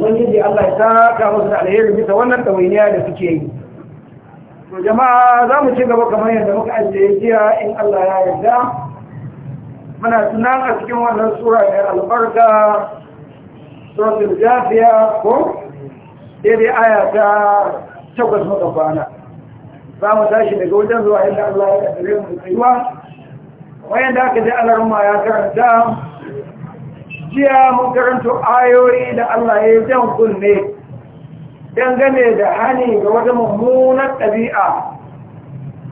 ubangiji Allah ya saka musu da alheri bisa wannan tawainiya da suke yi to jama'a za mu ci gaba kamar yadda muka ajiye jiya in Allah ya yarda muna tunan a cikin wannan sura mai albarka suratul jafiya ko daidai aya ta takwas muka kwana za mu tashi daga wajen zuwa inda Allah ya yarda mu tsayuwa wayan da aka ji alarma ya karanta jiya mun karanto ayoyi da Allah ya yi jan kunne dangane da hani ga wata mummunar ɗabi'a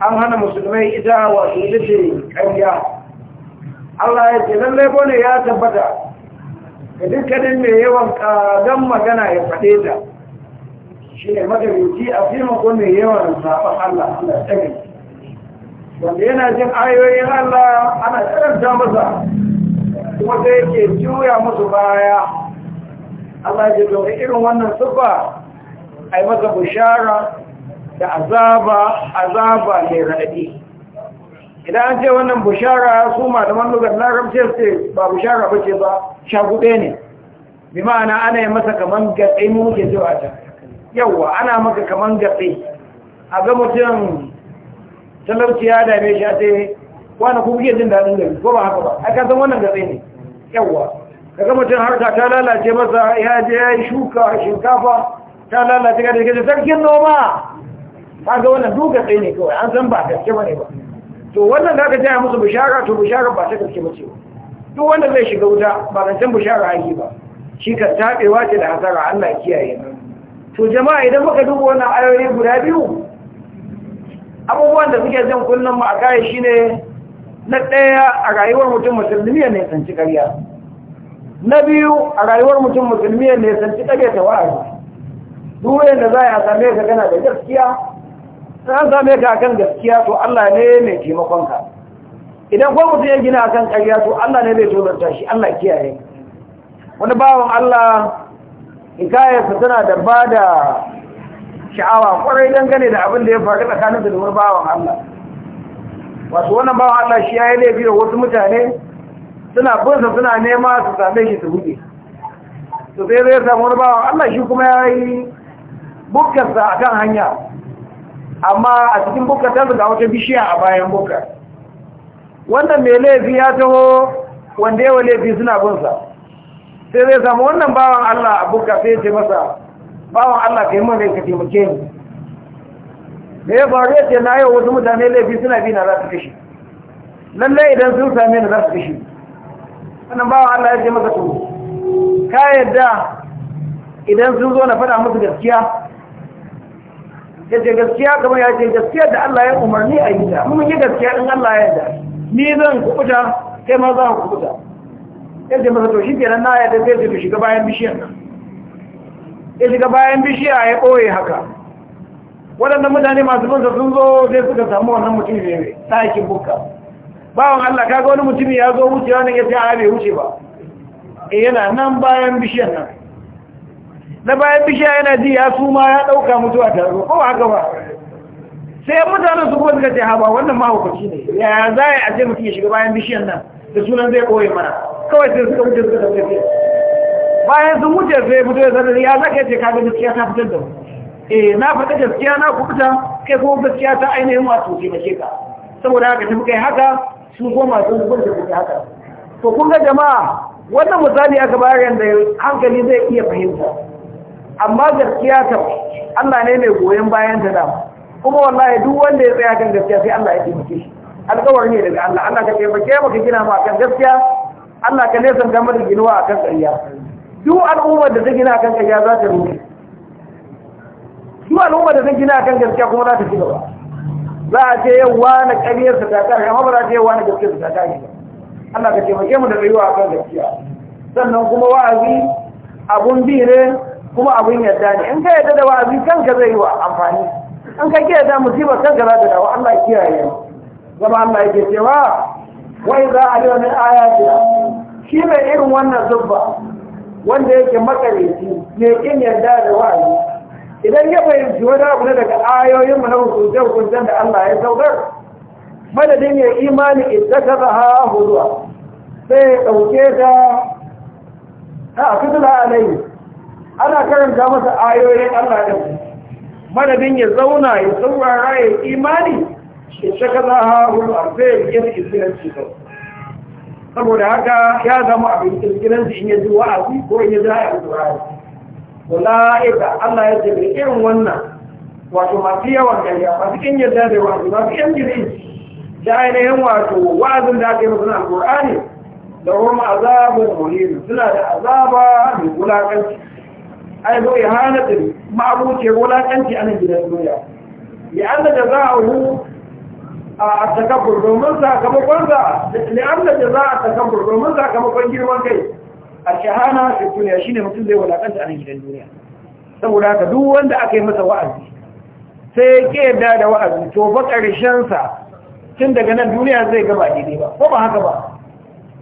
an hana musulmai ita wa ita ce ƙarya Allah ya ce lalle bane ya tabbata ga dukkanin mai yawan ƙagan magana ya faɗe ta shi ne magarici a filin kunne mai yawan zaɓen Allah Allah tsari wanda yana jin ayoyin Allah ana karanta masa kuma sai yake juya musu baya Allah ya zo irin wannan sufa ai masa bushara da azaba azaba mai raɗi idan an ce wannan bushara su malaman lugar larabce su ba bushara ba ce ba shagube ne bi ma'ana ana yi masa kaman gatsi muke zuwa ta yawwa ana maka kaman gatsi a ga mutum talauci ya dame shi a wani kuma kuke jin daɗin gari ko ba haka ba a san wannan gatsai ne yawwa ka ga mutum harka ta lalace masa ya je ya yi shuka shinkafa ta lalace ga daga sarkin noma ka ga wannan duk gatsai ne kawai an san ba gaske ba ne ba to wannan da aka ya musu bishara to bishara ba ta gaske ba ce duk wanda zai shiga wuta ba zan san bishara ake ba shi ka taɓewa ce da hasara Allah kiyaye to jama'a idan muka duba wannan ayoyi guda biyu abubuwan da suke zan kunnen mu a kai shine na ɗaya a rayuwar mutum musulmi ne tsanci ƙarya na biyu a rayuwar mutum musulmi ne tsanci ƙarya ta wa'azi duk da za a same ka gana da gaskiya an same ka akan gaskiya to Allah ne mai taimakonka idan kuma mutum ya gina akan ƙarya to Allah ne zai tozarta shi Allah kiyaye wani bawan Allah hikayarsa tana da ba da sha'awa kwarai dangane da abin da ya faru tsakanin da wani bawan Allah Wasu wannan ba Allah shi ya yi laifi da wasu mutane suna bunsa suna nema su same shi su buɗe su sai zai samu wani wa Allah shi kuma ya yi bukkarsa a kan hanya amma a cikin bukkarsa ga wata bishiya a bayan bukkar wannan mai laifi ya taho wanda yawa laifi suna bunsa sai zai samu wannan bawan Allah a bukka sai ya ce masa bawan Allah ka yi mun rai ka taimake ni me ya faru ya ce na yau wasu mutane laifi suna bi na za su kashi lallai idan sun same ni za su kashi wannan bawa Allah ya ce maka to ka yadda idan sun zo na faɗa musu gaskiya ya gaskiya kamar ya ce gaskiya da Allah ya umarni a yi ta mun yi gaskiya in Allah ya yadda ni zan kubuta kai ma za ku kubuta yadda masa to shi ke nan na yadda zai ce shiga bayan bishiyar nan ya shiga bayan bishiya ya ɓoye haka waɗannan mutane masu bansa sun zo sai suka samu wannan mutum ne ɗakin bukka bawan Allah kaga wani mutum ya zo wucewa ne ya sai a bai wuce ba e yana nan bayan bishiyar nan na bayan bishiya yana ji ya suma ya ɗauka mutuwa ta taro ko haka ba sai mutanen su kuma suka ce haba wannan mahaukaci ne ya za a ce mutum ya shiga bayan bishiyar nan da sunan zai koyi mana kawai sai suka wuce suka tafi bayan sun wuce sai fito ya sanar ya zaka ce kaga gaskiya ta fitar da mu eh na faɗa gaskiya na kubuta kai kuma gaskiya ta ainihin wato bace ka saboda haka tafi kai haka su goma sun zubar da kuɗi haka to kun ga jama'a wannan misali aka bayar yanda hankali zai iya fahimta amma gaskiya ta Allah ne mai goyon bayan ta da kuma wallahi duk wanda ya tsaya kan gaskiya sai Allah ya taimake shi alƙawari ne daga Allah Allah ka taimake mu ka gina mu akan gaskiya Allah ka nesan gamar ginuwa akan ƙarya duk al'ummar da ta gina akan ƙarya za ta rufe Kuma al'umma da sun gina kan gaskiya kuma za ta ci gaba za a ce wa na ƙaryar su ta kare amma ba za a ce wa na gaskiyar su ta kare ba Allah ka taimake mu da a kan gaskiya sannan kuma wa'azi abun bi ne kuma abun yadda ne in ka yadda da wa'azi kanka zai yi wa amfani in ka ki yadda musibar kanka za ta dawo Allah ya kiyaye zama Allah ya ce cewa wai za a yi wani ce shi mai irin wannan zubba wanda yake shi ne kin yadda da wa'azi idan ya fahimci wani abu na daga ayoyin na hukunce hukuncen da Allah ya saukar madadin ya imani idan ta zaha huduwa sai ya ɗauke ta a fitila alayhi ana karanta masa ayoyin Allah ɗin madadin ya zauna ya saurara ya imani idan ta zaha huduwa sai ya yi iskilanci cikin saboda haka ya zama abin da in yi ji wa'azi ko in ya ji ha'ar ula'ika Allah ya ce irin wannan wato masu yawan a masu kin yadda da wato masu yan giri da ainihin wato wa'azin da aka yi musu alƙur'ani da kuma azabun muhim suna da azaba mai wulakanci ai zo ihanatin ma'abuciyar wulakanci a nan gidan duniya ya an da za a takabbur domin sakamakonsa da an da a takabbur domin sakamakon girman kai A shahana fi dunya shine mutum zai walakanta a gidan duniya saboda haka duk wanda aka yi masa wa'azi sai ke yadda da wa'azi to ba karshen sa tun daga nan duniya zai gaba daidai ba ko ba haka ba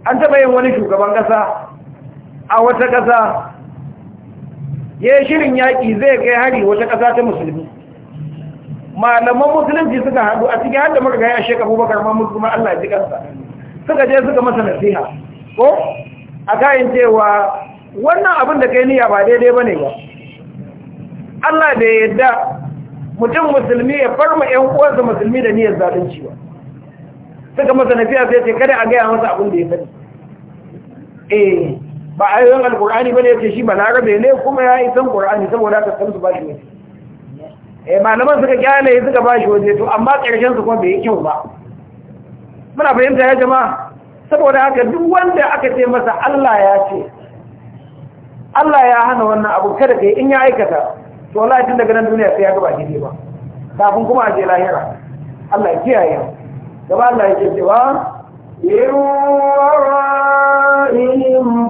an taba yin wani shugaban kasa a wata kasa ya shirin yaƙi zai kai hari wata kasa ta musulmi malaman musulunci suka haɗu a cikin hadda muka gaya shekaru bakar ma musulman Allah ya ji kansa suka je suka masa nasiha ko a kayan cewa wannan abin da kai niyya ba daidai ba ne ba Allah bai yadda mutum musulmi ya farma ‘yan uwansa musulmi da niyyar zalunci cewa. suka masa nafiya sai ce kada a gaya masa abin da ya sani eh ba a yi alkur'ani ba ne ya ce shi balarabe ne kuma ya yi san kur'ani saboda ka san su ba shi ne eh malaman suka kyale suka ba shi waje to amma ƙarshen su kuma bai yi kyau ba muna fahimta ya jama'a saboda haka duk wanda aka ce masa Allah ya ce Allah ya hana wannan abu kada kai in ya aikata to wallahi tun daga nan duniya sai ya gaba gidi ba kafin kuma a je lahira Allah ya kiyaye gaba Allah ce cewa min wara'ihim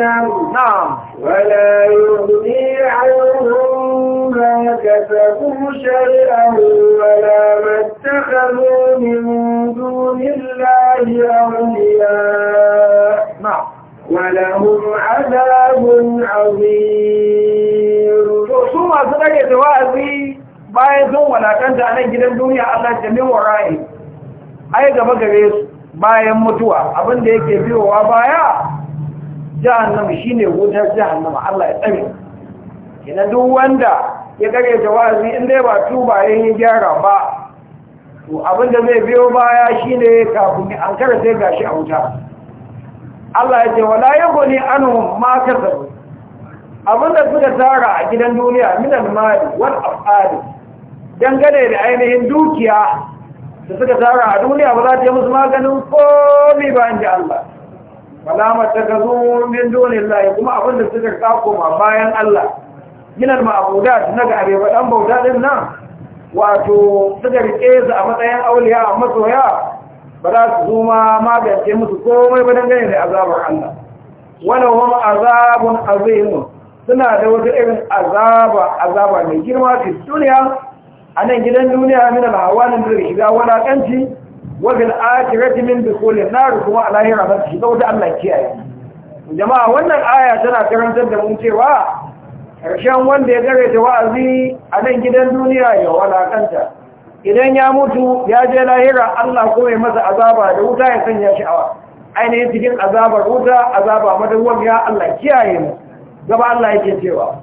na'am wala yughni ما كسبوا شيئا ولا ما اتخذوا من دون الله أولياء نعم ولهم عذاب عظيم su masu rage da wa'azi bayan sun walakanta a nan gidan duniya Allah jami'in wa ra'ayi ai gaba gare su bayan mutuwa abinda yake biyowa baya jahannama shine wutar jahannama Allah ya tsare kina duk wanda ya kare ta wa'azi in dai ba tuba ya yi gyara ba to abinda zai biyo baya shine kafin an kara sai gashi a wuta Allah ya ce wala anu makar da su abinda suka tara a gidan duniya minan mali wal afali dangane da ainihin dukiya da suka tara a duniya ba za ta yi musu maganin komi ba inda Allah wala matakazu min dunillahi kuma abinda suka kako ma bayan Allah ginar ma'abudat na ga arewa ɗan bauta ɗin nan wato suka riƙe su a matsayin auliya a masoya ba za su zuma magance musu komai ba dangane da azabar Allah wani wani azabun azimu suna da wata irin azaba azaba mai girma ce duniya a nan gidan duniya min alhawanin da shiga wadatanci wajen akirati min bikolin naru kuma a lahira za shiga wata Allah kiyaye jama'a wannan aya tana karantar da mun cewa ƙarshen wanda ya gare ta wa'azi a nan gidan duniya ya walakanta idan ya mutu ya je lahira Allah ko masa azaba da wuta ya sanya sha'awa ainihin cikin azabar wuta azaba madawar ya Allah kiyaye mu gaba Allah yake cewa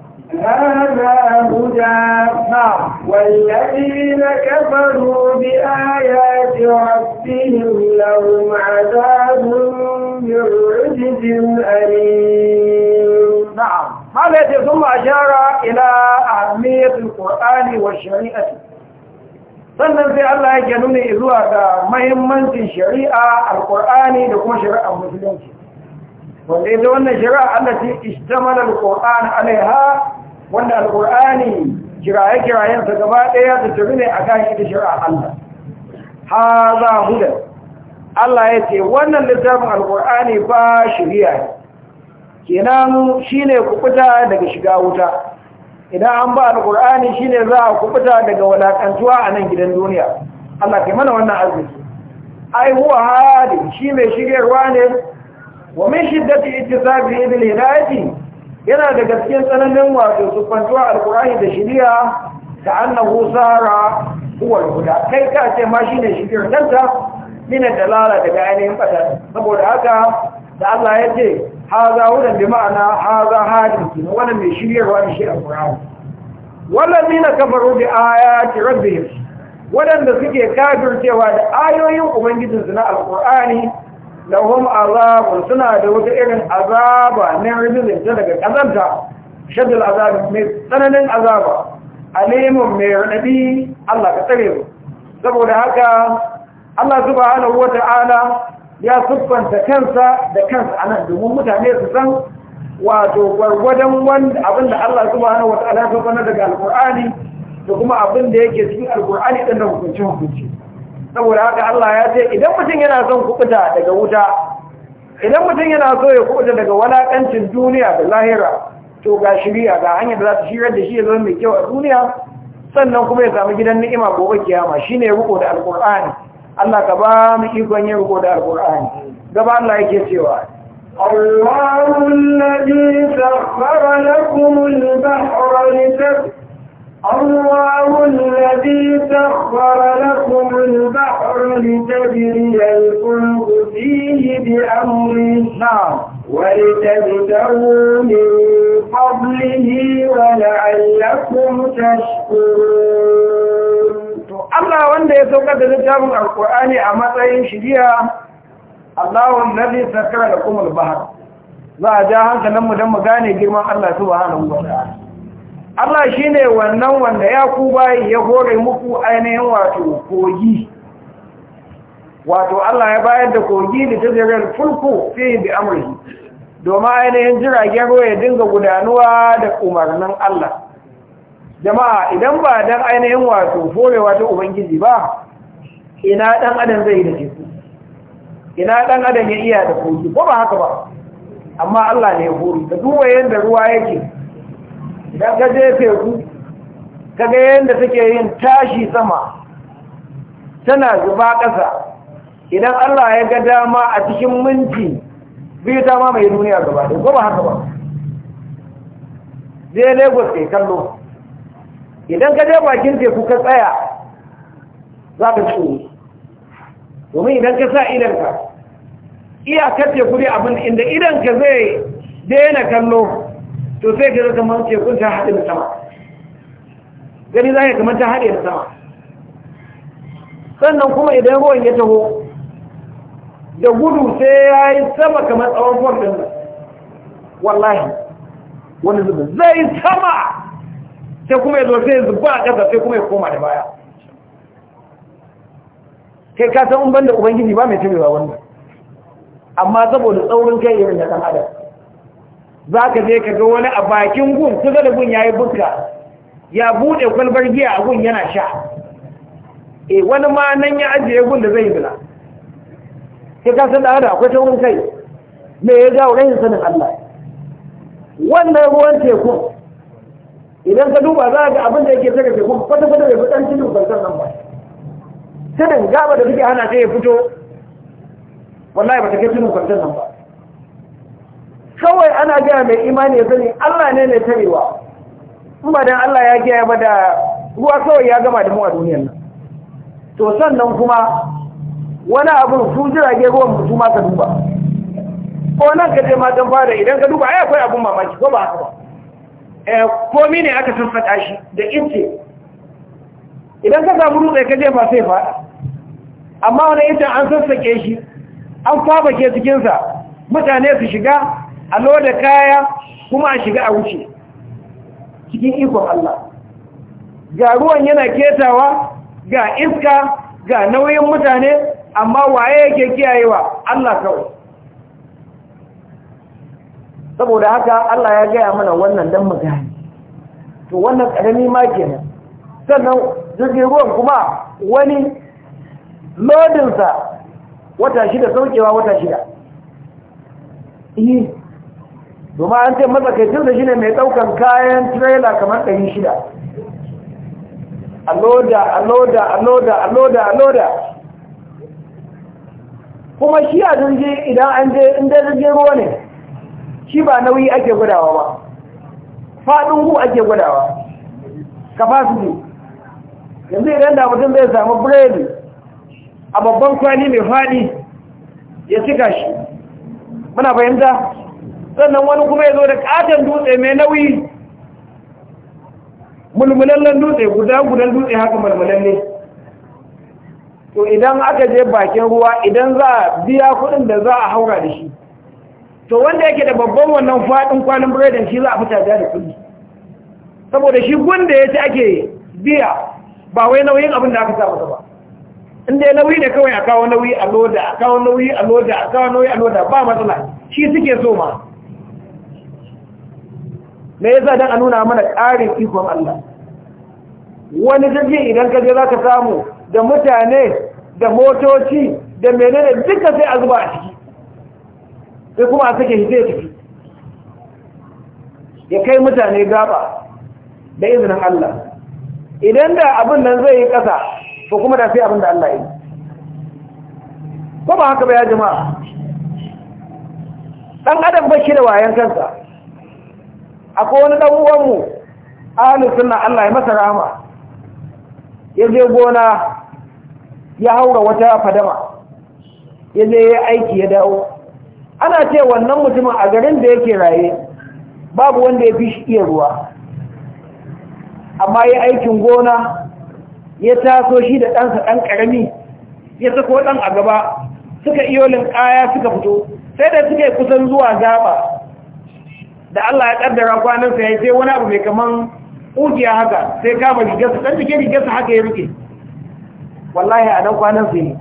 Na’am, malai ce sun ma'ashara ila ahamiyatul qur'ani wa shari'ati sannan sai Allah ya yake nuna zuwa ga mahimmancin shari'a alqur'ani da kuma shari'ar musulunci wanda ita wannan shari'a Allah ce ishtamala alqur'an alaiha wanda alqur'ani kiraye kirayensa gaba ɗaya ta ne akan ita shari'a Allah haza hudan Allah ya ce wannan littafin alqur'ani ba shari'a kenan shine kubuta daga shiga wuta idan an ba alqur'ani shine za a kubuta daga walakantuwa a nan gidan duniya Allah ke mana wannan arziki ai huwa hadi shi mai shigarwa ne wa min shiddati ittisabi bil hidayati yana da gaskiyar tsananin wato kwantuwa alqur'ani da shiriya ta annahu sara huwa kai ka ce ma shine shigar danta min dalala daga ainihin fata saboda haka da Allah ya ce haza wurin bi ma'ana haza hadin kenan wannan mai shiryarwa ne shi alqur'ani wallazina kafaru bi ayati rabbihim wadanda suke kafircewa da ayoyin ubangijinsu na alqur'ani lahum azabun suna da wata irin azaba na rijizin ta daga kazanta shaddal mai tsananin azaba alimun mai raɗaɗi Allah ka tsare saboda haka Allah subhanahu wata'ala ya siffanta kansa da kansa a nan domin mutane su san wato gwargwadon wanda abinda Allah subhanahu wata'ala ya sanar daga alkur'ani da kuma abin da yake cikin alkur'ani ɗin da hukunci hukunci saboda haka Allah ya ce idan mutum yana son kuɓuta daga wuta idan mutum yana so ya kubuta daga walaƙancin duniya da lahira to ga shirya ga hanyar da za su shirya da shi ya zama mai kyau a duniya sannan kuma ya samu gidan ni'ima gobe kiyama shine riko da alkur'ani Allah ka ba mu ikon yin riko da gaba Allah yake cewa الله الذي سخر لكم البحر لتسكنوا الله الذي سخر لكم البحر لتجري الفلك فيه بأمر نعم ولتبتغوا من فضله ولعلكم تشكرون wanda ya saukar da littafin alkur'ani a matsayin shirya allahun nabi sakara da kuma bahar za a ja hankalin mu don mu gane girman allah su bahanan gwada allah shi ne wannan wanda ya ku bayi ya hore muku ainihin wato kogi wato allah ya bayar da kogi da ta zirar fulko fiye da amurki domin ainihin jiragen ruwa ya dinga gudanuwa da umarnin allah jama'a idan ba dan ainihin wato forewa ta ubangiji ba ina dan adam zai da teku ina dan adam ya iya da kogi ko ba haka ba amma Allah ne ya hori ka duba yadda ruwa yake idan ka je teku ka ga yadda take yin tashi sama tana zuba ƙasa idan Allah ya ga dama a cikin minti biyu ta mamaye duniya gaba da ko ba haka ba zai lagos kai kallo idan ka je bakin teku ka tsaya za ka tsoro domin idan ka sa idanka iyakar teku ne abin inda idanka zai daina kallo to sai ka zaka man tekun ta haɗe da sama gani za ka kamar ta haɗe da sama sannan kuma idan ruwan ya taho da gudu sai ya yi sama kamar tsawon fordin wallahi wani zubin zai sama sai kuma ya zo sai ya zuba a ƙasa sai kuma ya koma da baya kai ka san ban da ubangiji ba mai cimewa wannan amma saboda tsaurin kai irin da ɗan adam za ka je ka ga wani a bakin gun su da gun ya yi buska ya buɗe kwalbar giya a gun yana sha e wani ma nan ya ajiye gun da zai yi bila sai ka san da akwai taurin kai me ya ga wurin sanin Allah wannan ruwan tekun idan ka duba za ga abin da yake saka teku kwata kwata mai fitar cikin kwantar nan ba tudun gaba da suke hana sai ya fito wallahi ba ta kai cikin kwantar nan ba kawai ana gaya mai imani ya sani Allah ne ne tarewa Kuma ba dan Allah ya gaya ba da ruwa kawai ya gama da mu a duniyar nan to sannan kuma wani abin su jirage ruwan su ma ka duba ko nan ka je ma dan fara idan ka duba ai akwai abin mamaki ko ba haka ba Eh, komi ne aka tafata shi da ince idan ka samu rutse ka jefa sai faɗa amma wani ita an sassake shi an ke cikinsa mutane su shiga a loda kaya kuma a shiga a wuce cikin ikon Allah ga ruwan yana ketawa ga iska ga nauyin mutane amma waye yake kiyayewa Allah kawai saboda haka Allah ya gaya mana wannan dan mu gane to wannan karami ma kenan sannan jirgin ruwan kuma wani lodinsa wata shida saukewa wata shida yi eh, domin an ce matsakaicin da shi ne mai daukan kayan trailer kamar ɗari shida aloda aloda aloda aloda aloda kuma shi a jirgi idan an je inda jirgin ruwa ne shi ba nauyi ake gudawa ba faɗin hu ake gudawa capacity yanzu idan da mutum zai samu biredi a babban kwani mai faɗi ya cika shi muna fahimta sannan wani kuma ya zo da ƙaton dutse mai nauyi mulmulallen dutse guda gudan dutse haka mulmulalle to idan aka je bakin ruwa idan za a biya kudin da za a haura da shi to wanda yake da babban wannan faɗin kwanan biredin shi za a fita da kuɗi saboda shi gunda ya ci ake biya ba wai nauyin abin da aka sa masa ba inda ya nauyi da kawai a kawo nauyi a loda a kawo nauyi a loda a kawo nauyi a loda ba matsala shi suke so ma me yasa dan a nuna mana ƙarin ikon Allah wani jirgi idan ka je za ka samu da mutane da motoci da menene duka sai a zuba a ciki sai kuma a sake shi tafi ya kai mutane gaba da izinin Allah idan da abin nan zai yi ƙasa ko kuma da sai abin da Allah yi ko haka ba ya jama'a ɗan adam ba da wayan kansa akwai wani ɗan uwanmu ahalin suna Allah ya masa rama ya je gona ya haura wata fadama ya je ya aiki ya dawo ana ce wannan mutumin a garin da yake raye babu wanda ya fi shi iya ruwa amma ya aikin gona ya taso shi da ɗansa ɗan ƙarami ya sako ɗan a gaba suka iyo ƙaya suka fito sai da suka yi kusan zuwa gaba da Allah ya ƙaddara kwanansa ya sai wani abu mai kaman ƙugiya haka sai kama rigarsa ɗan jikin rigarsa haka ya rike wallahi a ɗan kwanansa ne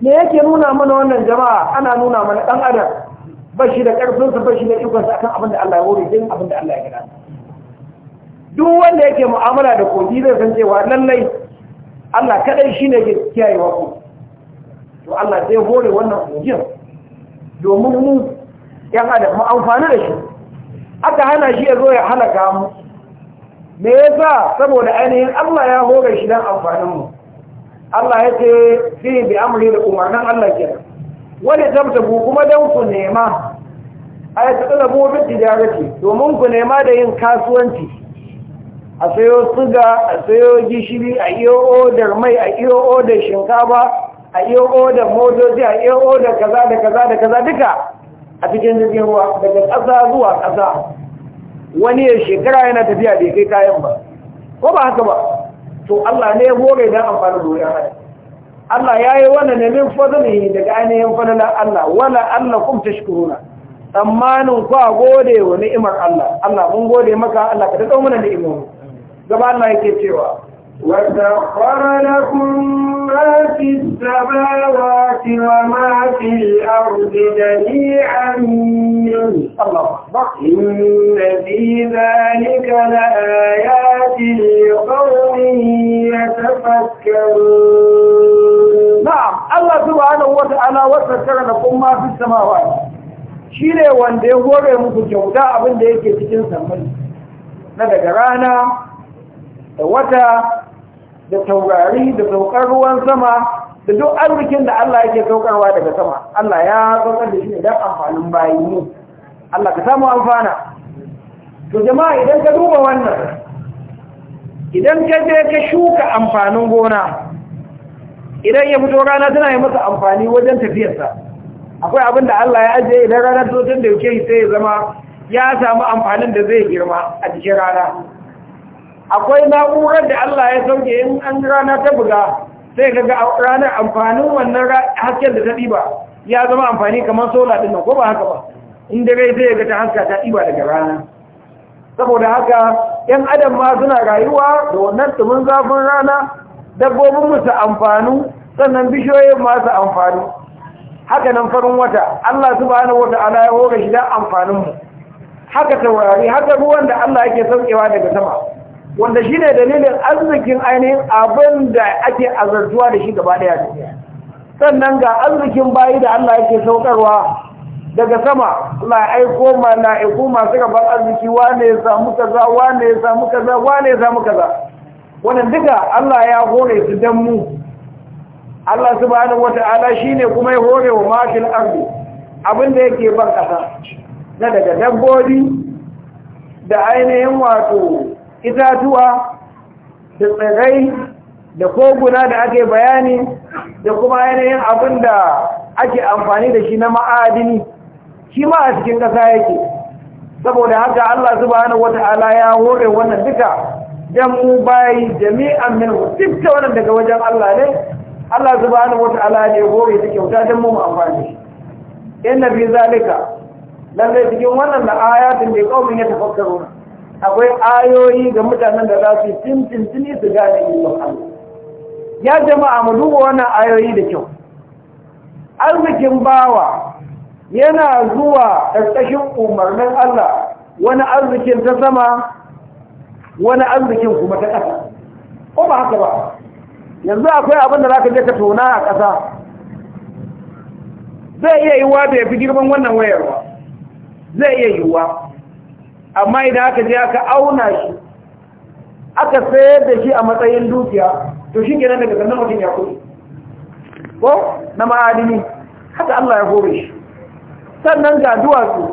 me yake nuna mana wannan jama'a ana nuna mana dan adam ba shi da karfinsa ba shi da ikonsa akan abin da Allah ya wuri din abin da Allah ya gada duk wanda yake mu'amala da kogi zai san cewa lallai Allah kadai shine ke kiyayewa ku to Allah zai hore wannan kogin domin mu yan adam mu amfani da shi aka hana shi ya zo ya halaka mu me yasa saboda ainihin Allah ya hore shi dan amfanin mu Allah ya ce fi bi amri da umarnin Allah ke wani tabtabu kuma don ku nema a ya taɗa labobin tijarati domin ku nema da yin kasuwanci a sayo suga a sayo gishiri a iyo odar mai a iyo odar shinkafa a iyo odar motoci a iyo odar kaza da kaza da kaza duka a cikin jirgin ruwa daga ƙasa zuwa ƙasa wani ya shekara yana tafiya da ya kai kayan ba ko ba haka ba to Allah ne ya hore da amfani da wuri haya Allah ya yi wannan nemin fadlihi daga ainihin fadlan Allah wala allakum tashkuruna tsammanin ku a gode wa ni'imar Allah Allah mun gode maka Allah ka daɗo mana ni'imomi gaba Allah yake cewa وسخر لكم ما في السماوات وما في الأرض جميعا منه إن في ذلك لآيات لقوم يتفكرون نعم الله سبحانه وتعالى وسخر لكم ما في السماوات shine wanda ya gore muku kyauta abin da yake cikin sammai na daga rana da wata da taurari da saukar ruwan sama da duk arzikin da Allah yake saukarwa daga sama Allah ya saukar da shi ne don amfanin bayi Allah ka samu amfana to jama'a idan ka duba wannan idan ka je ka shuka amfanin gona idan ya fito rana tana yi masa amfani wajen tafiyarsa akwai abin da Allah ya ajiye idan rana tutun da yake sai ya zama ya samu amfanin da zai girma a cikin rana akwai na'urar da Allah ya sauke in an rana ta buga sai kaga ranar amfanin wannan hasken da ta ɗiba ya zama amfani kamar sola ɗin nan ko ba haka ba inda rai sai ga ta haska ta ɗiba daga rana saboda haka ‘yan adam ma suna rayuwa da wannan tumin zafin rana dabbobin musu amfanu sannan bishiyoyin masu amfanu haka nan farin wata Allah subhanahu wata'ala ya hore shi da amfaninmu haka taurari haka ruwan da Allah yake saukewa daga sama wanda shi ne dalilin arzikin ainihin abin da ake azartuwa da shi gaba daya duniya sannan ga arzikin bayi da Allah yake saukarwa daga sama la aiko ma mala'iku masu gaban arziki wane ya samu kaza wane ya samu kaza wane ya samu kaza wannan duka Allah ya hore su dan mu Allah subhanahu wata'ala shine kuma ya hore wa mafil ardi abinda yake ban kasa na daga dabbobi da ainihin wato itatuwa da tsirrai da koguna da ake bayani da kuma yanayin abin da ake amfani da shi na ma'adini shi ma a cikin ƙasa yake saboda haka Allah wata wata'ala ya hore wannan duka don mu bayi jami'an min duk da wannan daga wajen Allah ne Allah wata wata'ala ne hore ta kyauta don mu amfani amfani inna fi zalika Lallai cikin wannan da ayatun da kaumin ya tafakkaruna akwai ayoyi ga mutanen da za su yi cini su gane ikon Allah ya jama'a mu duba wannan ayoyi da kyau arzikin bawa yana zuwa ƙarƙashin umarnin Allah wani arzikin ta sama wani arzikin kuma ta ƙasa ko ba haka ba yanzu akwai abin da za ka je ka tona a ƙasa zai iya yiwuwa da ya fi girman wannan wayarwa zai iya yiwuwa amma idan aka je aka auna shi aka sayar da shi a matsayin dukiya to shi kenan daga sannan mutum ya kudi ko na ma'adini haka Allah ya hore shi sannan ga duwatsu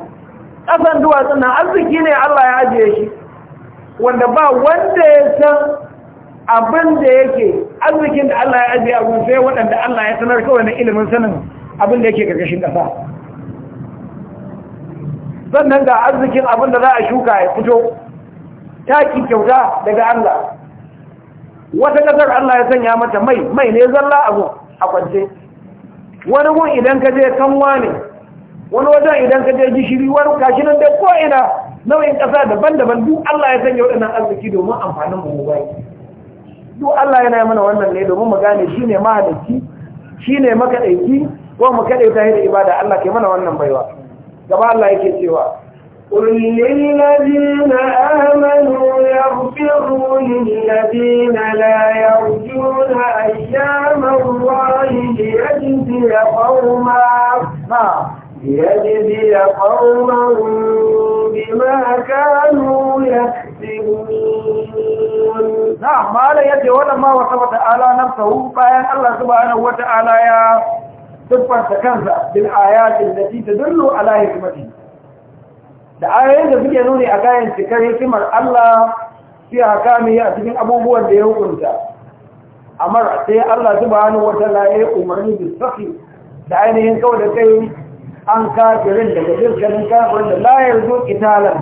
ƙasan duwatsu nan arziki ne Allah ya ajiye shi wanda ba wanda ya san abin da yake arzikin da Allah ya ajiye a sai waɗanda Allah ya sanar kawai na ilimin sanin abin da yake ƙarƙashin ƙasa sannan ga arzikin abin da za a shuka ya fito taki kyauta daga Allah wata ƙasar Allah ya sanya mata mai mai ne zalla abu a kwance wani gun idan ka je kanwa ne wani wajen idan ka je gishiri wani kashi nan dai ko ina nau'in ƙasa daban-daban duk Allah ya sanya waɗannan arziki domin amfanin mu bai duk Allah yana mana wannan ne domin mu gane shi shine mahalicci ne makaɗaiki, ko mu kaɗaita da ibada Allah kai mana wannan baiwa gaba Allah yake cewa kullum lalazi na amano ya rufe ruhun lalazi na layarju na ayyamar wani da ya jinti ya kwauma ha ya jinti ya kwauma rubi ma kanu ya tsibirin na amma da yadda wadanda wata wata'ala na tsawo bayan Allah su ba'anar wata'ala ya ta kansa bil ayatin lati tadullu ala hikmati da ayoyin da suke nuni a kayan cikar hikimar Allah fi hakami a cikin abubuwan da ya hukunta amma sai Allah subhanahu ta'ala ya umarni bi safi da ainihin kawai da kai an kafirin daga dukkanin kafirin da la yarzu qitalan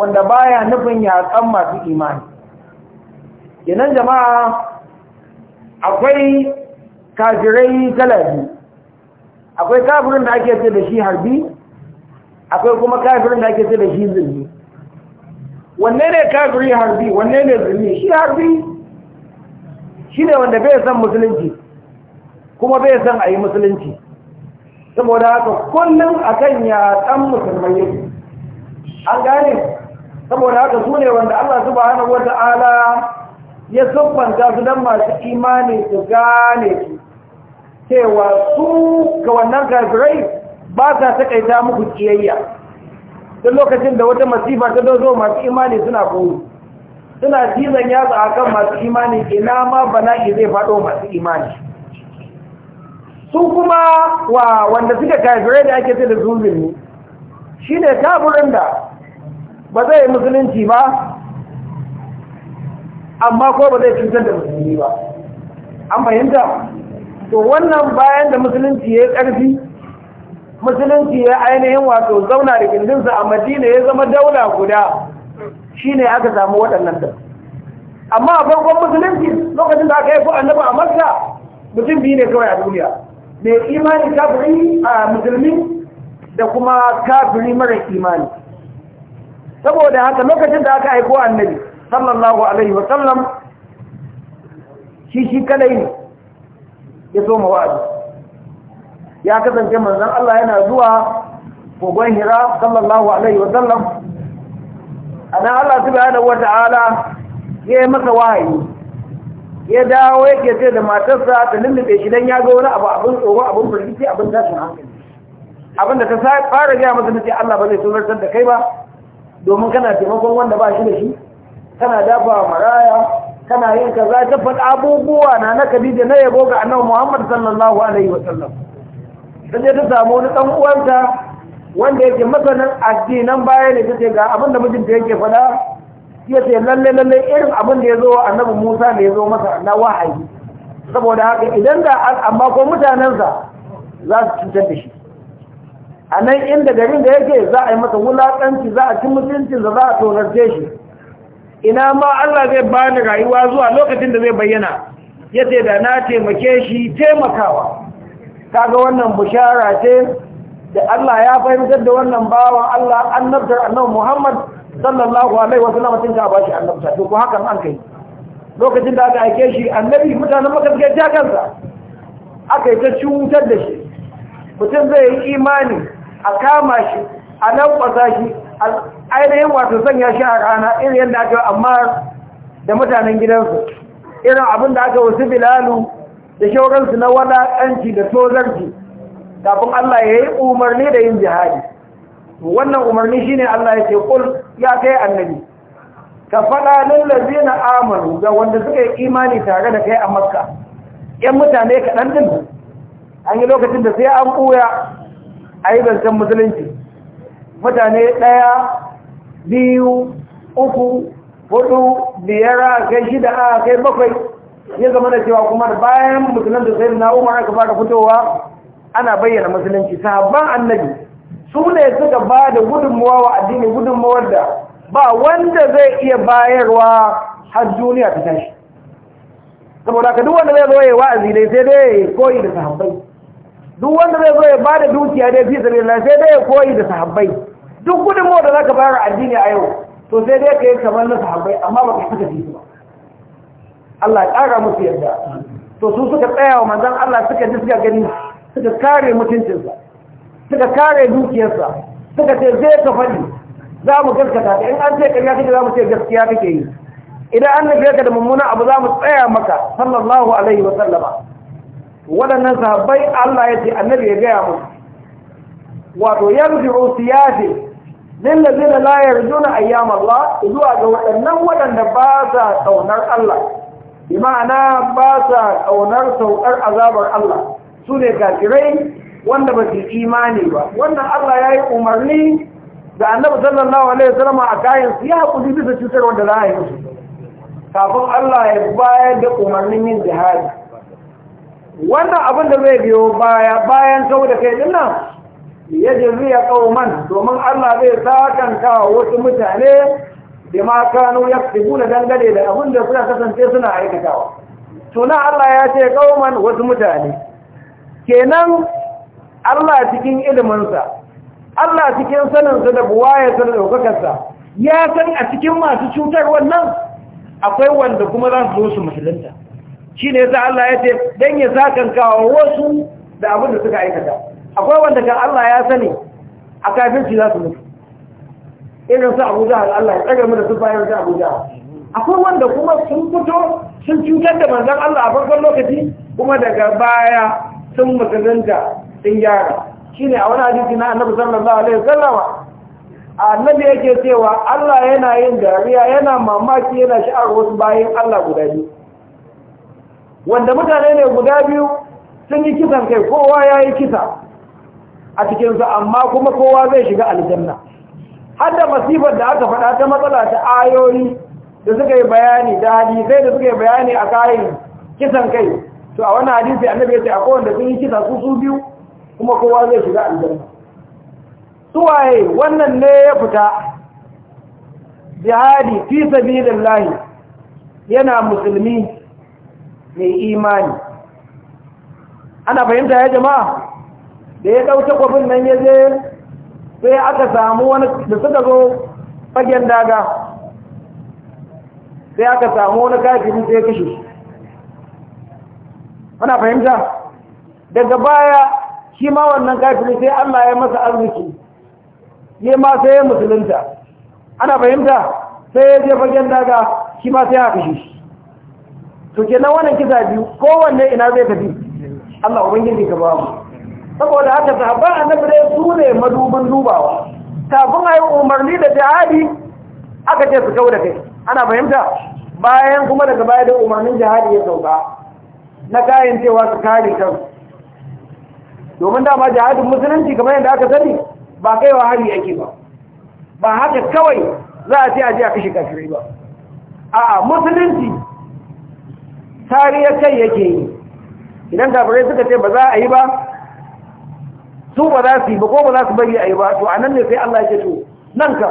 wanda baya nufin yaƙan masu imani kenan jama'a akwai kafirai talabi akwai kafirin da ake ce da shi harbi akwai kuma kafirin da ake ce da shi zulmi wanne ne kafiri harbi wanne ne zulmi shi harbi shi ne wanda bai san musulunci kuma bai san a yi musulunci saboda haka kullum a kan yaƙan musulmai yake an gane saboda haka su ne wanda allah wata ala, ya siffanta su don masu imani su gane su cewa su ga wannan kafirai ba sa takaita muku kiyayya don lokacin da wata masifa ta dozo masu imani suna kowu suna cizon yatsa a kan masu imani ina ma bana'i zai faɗo masu imani su kuma wa wanda suka kafirai da ake sai da zuzulmi shi ne kafirin da ba zai yi musulunci ba amma ko ba zai cutar da musulmi ba an fahimta to wannan bayan da musulunci ya ƙarfi musulunci ya ainihin wato zauna da gindinsa a madina ya zama daula guda shi ne aka samu waɗannan da amma a farkon musulunci lokacin da aka yi annabi a masa mutum biyu ne kawai a duniya mai imani kafiri a musulmi da kuma kafiri mara imani saboda haka lokacin da aka aiko annabi sallallahu alaihi wasallam shi shi kalai ne ya so ma wa'azi ya kasance manzon Allah yana zuwa kogon hira sallallahu alaihi wa sallam ana Allah subhanahu wa ta'ala ya yi masa wahayi ya dawo yake ce da matarsa ta lullube shi dan ya ga wani abu abin tsoro abin firgici abin tashin hankali abin da ta fara gaya masa na ce Allah ba zai tunartar da kai ba domin kana taimakon wanda ba shi da shi kana dafa maraya kana yin za ta faɗa abubuwa na na Khadija na yabo ga Annabi Muhammad sallallahu alaihi sallam sai ta samu wani dan uwanta wanda yake masanin addinan baya ne take ga abin da mijinta yake faɗa ya ce lalle lalle irin abin da ya zo Annabi Musa ne ya zo masa na wahayi saboda haka idan da amma ko mutanensa za su cutar da shi a nan inda garin da yake za a yi masa wulaƙanci za a ci mutuncinsa za a tonarce shi ina ma Allah zai bani rayuwa zuwa lokacin da zai bayyana yace da na taimake shi taimakawa kaga wannan bushara ce da Allah ya fahimtar da wannan bawan Allah annabta annabi Muhammad sallallahu alaihi wasallam tun ta bashi annabta to ko hakan an kai lokacin da aka aike shi annabi mutanen makarfiya ta kansa aka yi ta cutar da shi mutum zai yi imani a kama shi a nan kwasa shi ainihin wato sanya shi a rana irin yadda aka amma da mutanen gidansu irin abin da aka wasu bilalu da shauransu na wadaƙanci da tozarci kafin Allah ya yi umarni da yin jihadi wannan umarni shine Allah ya ce kul ya kai annabi ka faɗa lillazina amanu ga wanda suka yi imani tare da kai a makka yan mutane kaɗan din an yi lokacin da sai an ɓuya a yi zancen musulunci mutane ɗaya biyu uku hudu biyar a kai shida a kai bakwai ya zama da cewa kuma bayan musulun da sai na umar aka fara fitowa ana bayyana musulunci sahabban annabi su ne suka ba da gudunmuwa wa addini gudunmuwar da ba wanda zai iya bayarwa har duniya ta tashi saboda ka duk wanda zai zo ya wa'azi dai sai dai koyi da sahabbai duk wanda zai zo ya ba da dukiya dai fi sabilillah sai dai ya koyi da sahabbai duk gudunmu da zaka bayar addini a yau to sai dai ka yi kamar na sahabbai amma ba ka saka fi ba Allah ya ƙara musu yadda. to su suka tsaya wa manzan Allah suka ji suka gani suka kare mutuncinsa suka kare dukiyarsa suka ce zai ka faɗi za mu gaskata ta in an ce ƙarya kake za mu ce gaskiya kake yi idan an nufi ka da mummuna abu za mu tsaya maka sallallahu alaihi wa sallama waɗannan sahabbai Allah ya ce annabi ya gaya musu wato ce, siyasi lillazina la yarjuna ayyam Allah zuwa ga waɗannan waɗanda ba sa kaunar Allah bi ma'ana ba sa kaunar saukar azabar Allah su ne kafirai wanda ba su imani ba wannan Allah ya yi umarni da annabi sallallahu alaihi wasallam a kayan su ya hakuri bisa cutar wanda za a yi musu kafin Allah ya bayar da umarnin yin jihadi wannan abin da zai biyo baya bayan kau da kai din nan ya jirriya kauman domin Allah zai sakanta wasu mutane da ma kanu ya tibu na dangane da abin da suka kasance suna aikatawa tuna Allah ya ce kauman wasu mutane kenan Allah cikin iliminsa Allah cikin saninsa da buwayarsa da ɗaukakarsa ya san a cikin masu cutar wannan akwai wanda kuma za su zo su musulunta shi ne sa Allah ya ce dan ya sakankawa wasu da abin da suka aikata akwai wanda kan Allah ya sani a kafin shi za su mutu irin su Abu Jahal Allah ya tsare mu da su bayan su Abu akwai wanda kuma sun fito sun cutar da manzan Allah a farkon lokaci kuma daga baya sun musulunta sun gyara ne a wani hadisi na Annabi sallallahu alaihi wasallama annabi yake cewa Allah yana yin dariya yana mamaki yana sha'ar wasu bayan Allah guda biyu wanda mutane ne guda biyu sun yi kisan kai kowa ya yi kisa a cikinsu amma kuma kowa zai shiga aljanna har da masifar da aka faɗa ta matsala ta ayoyi da suka yi bayani da hadisai da suka yi bayani a kayan kisan kai to a wani hadisai annabi ya ce a kowanne sun yi kisa su su biyu kuma kowa zai shiga aljanna waye wannan ne ya fita jihadi fi sabilillahi yana musulmi mai imani ana fahimta ya jama'a da ya ɗauke kwafin nan ya je sai aka samu wani da suka zo fagen daga sai aka samu wani kafirin sai kashe ana fahimta daga baya shi ma wannan kafirin sai Allah ya masa arziki ya ma sai ya musulunta ana fahimta sai ya je fagen daga shi ma sai ya kashe shi to kenan wannan kisa biyu kowanne ina zai tafi Allah ubangiji ka ba mu saboda haka sahabban annabi dai su ne madubin dubawa kafin ayi umarni da jihadi aka ce su kawo da kai ana fahimta bayan kuma daga baya da umarnin jihadi ya sauka na kayan cewa su kare kan domin dama jihadin musulunci kamar yadda aka sani ba kaiwa hari yake ba ba haka kawai za a ce a je a kashe kafirai ba A'a musulunci tariya kai yake yi idan kafirai suka ce ba za a yi ba su ba za su yi ba ko ba za su bari a yi ba to a nan ne sai Allah ya ce to nan ka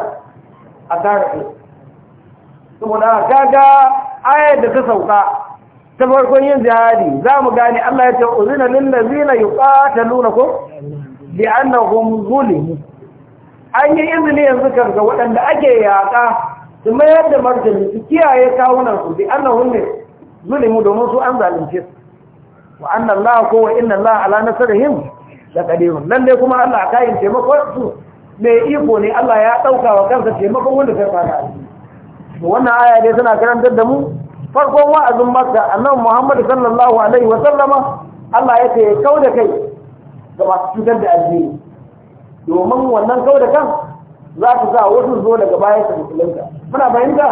a tara ku saboda kaga ayar da ta sauka ta farkon yin jihadi za mu gane Allah ya ce uzina lil ladzina yuqataluna ko bi annahum zulimu an yi izini yanzu kan ga waɗanda ake yaƙa su mayar da martani su kiyaye kawunan su bi annahum ne zulimu domin su an zalunce su wa anna Allah ko wa inna Allah ala nasrihim la qadirun dai kuma Allah ka yin taimako su me iko ne Allah ya dauka wa kansa taimakon wanda sai fara to wannan aya dai tana karantar da mu farkon wa'azin Makka annabi Muhammad sallallahu alaihi wa sallama Allah ya ce kauda kai ga masu cutar da addini domin wannan kauda kan za su sa wasu zo daga baya su musulunta muna fahimta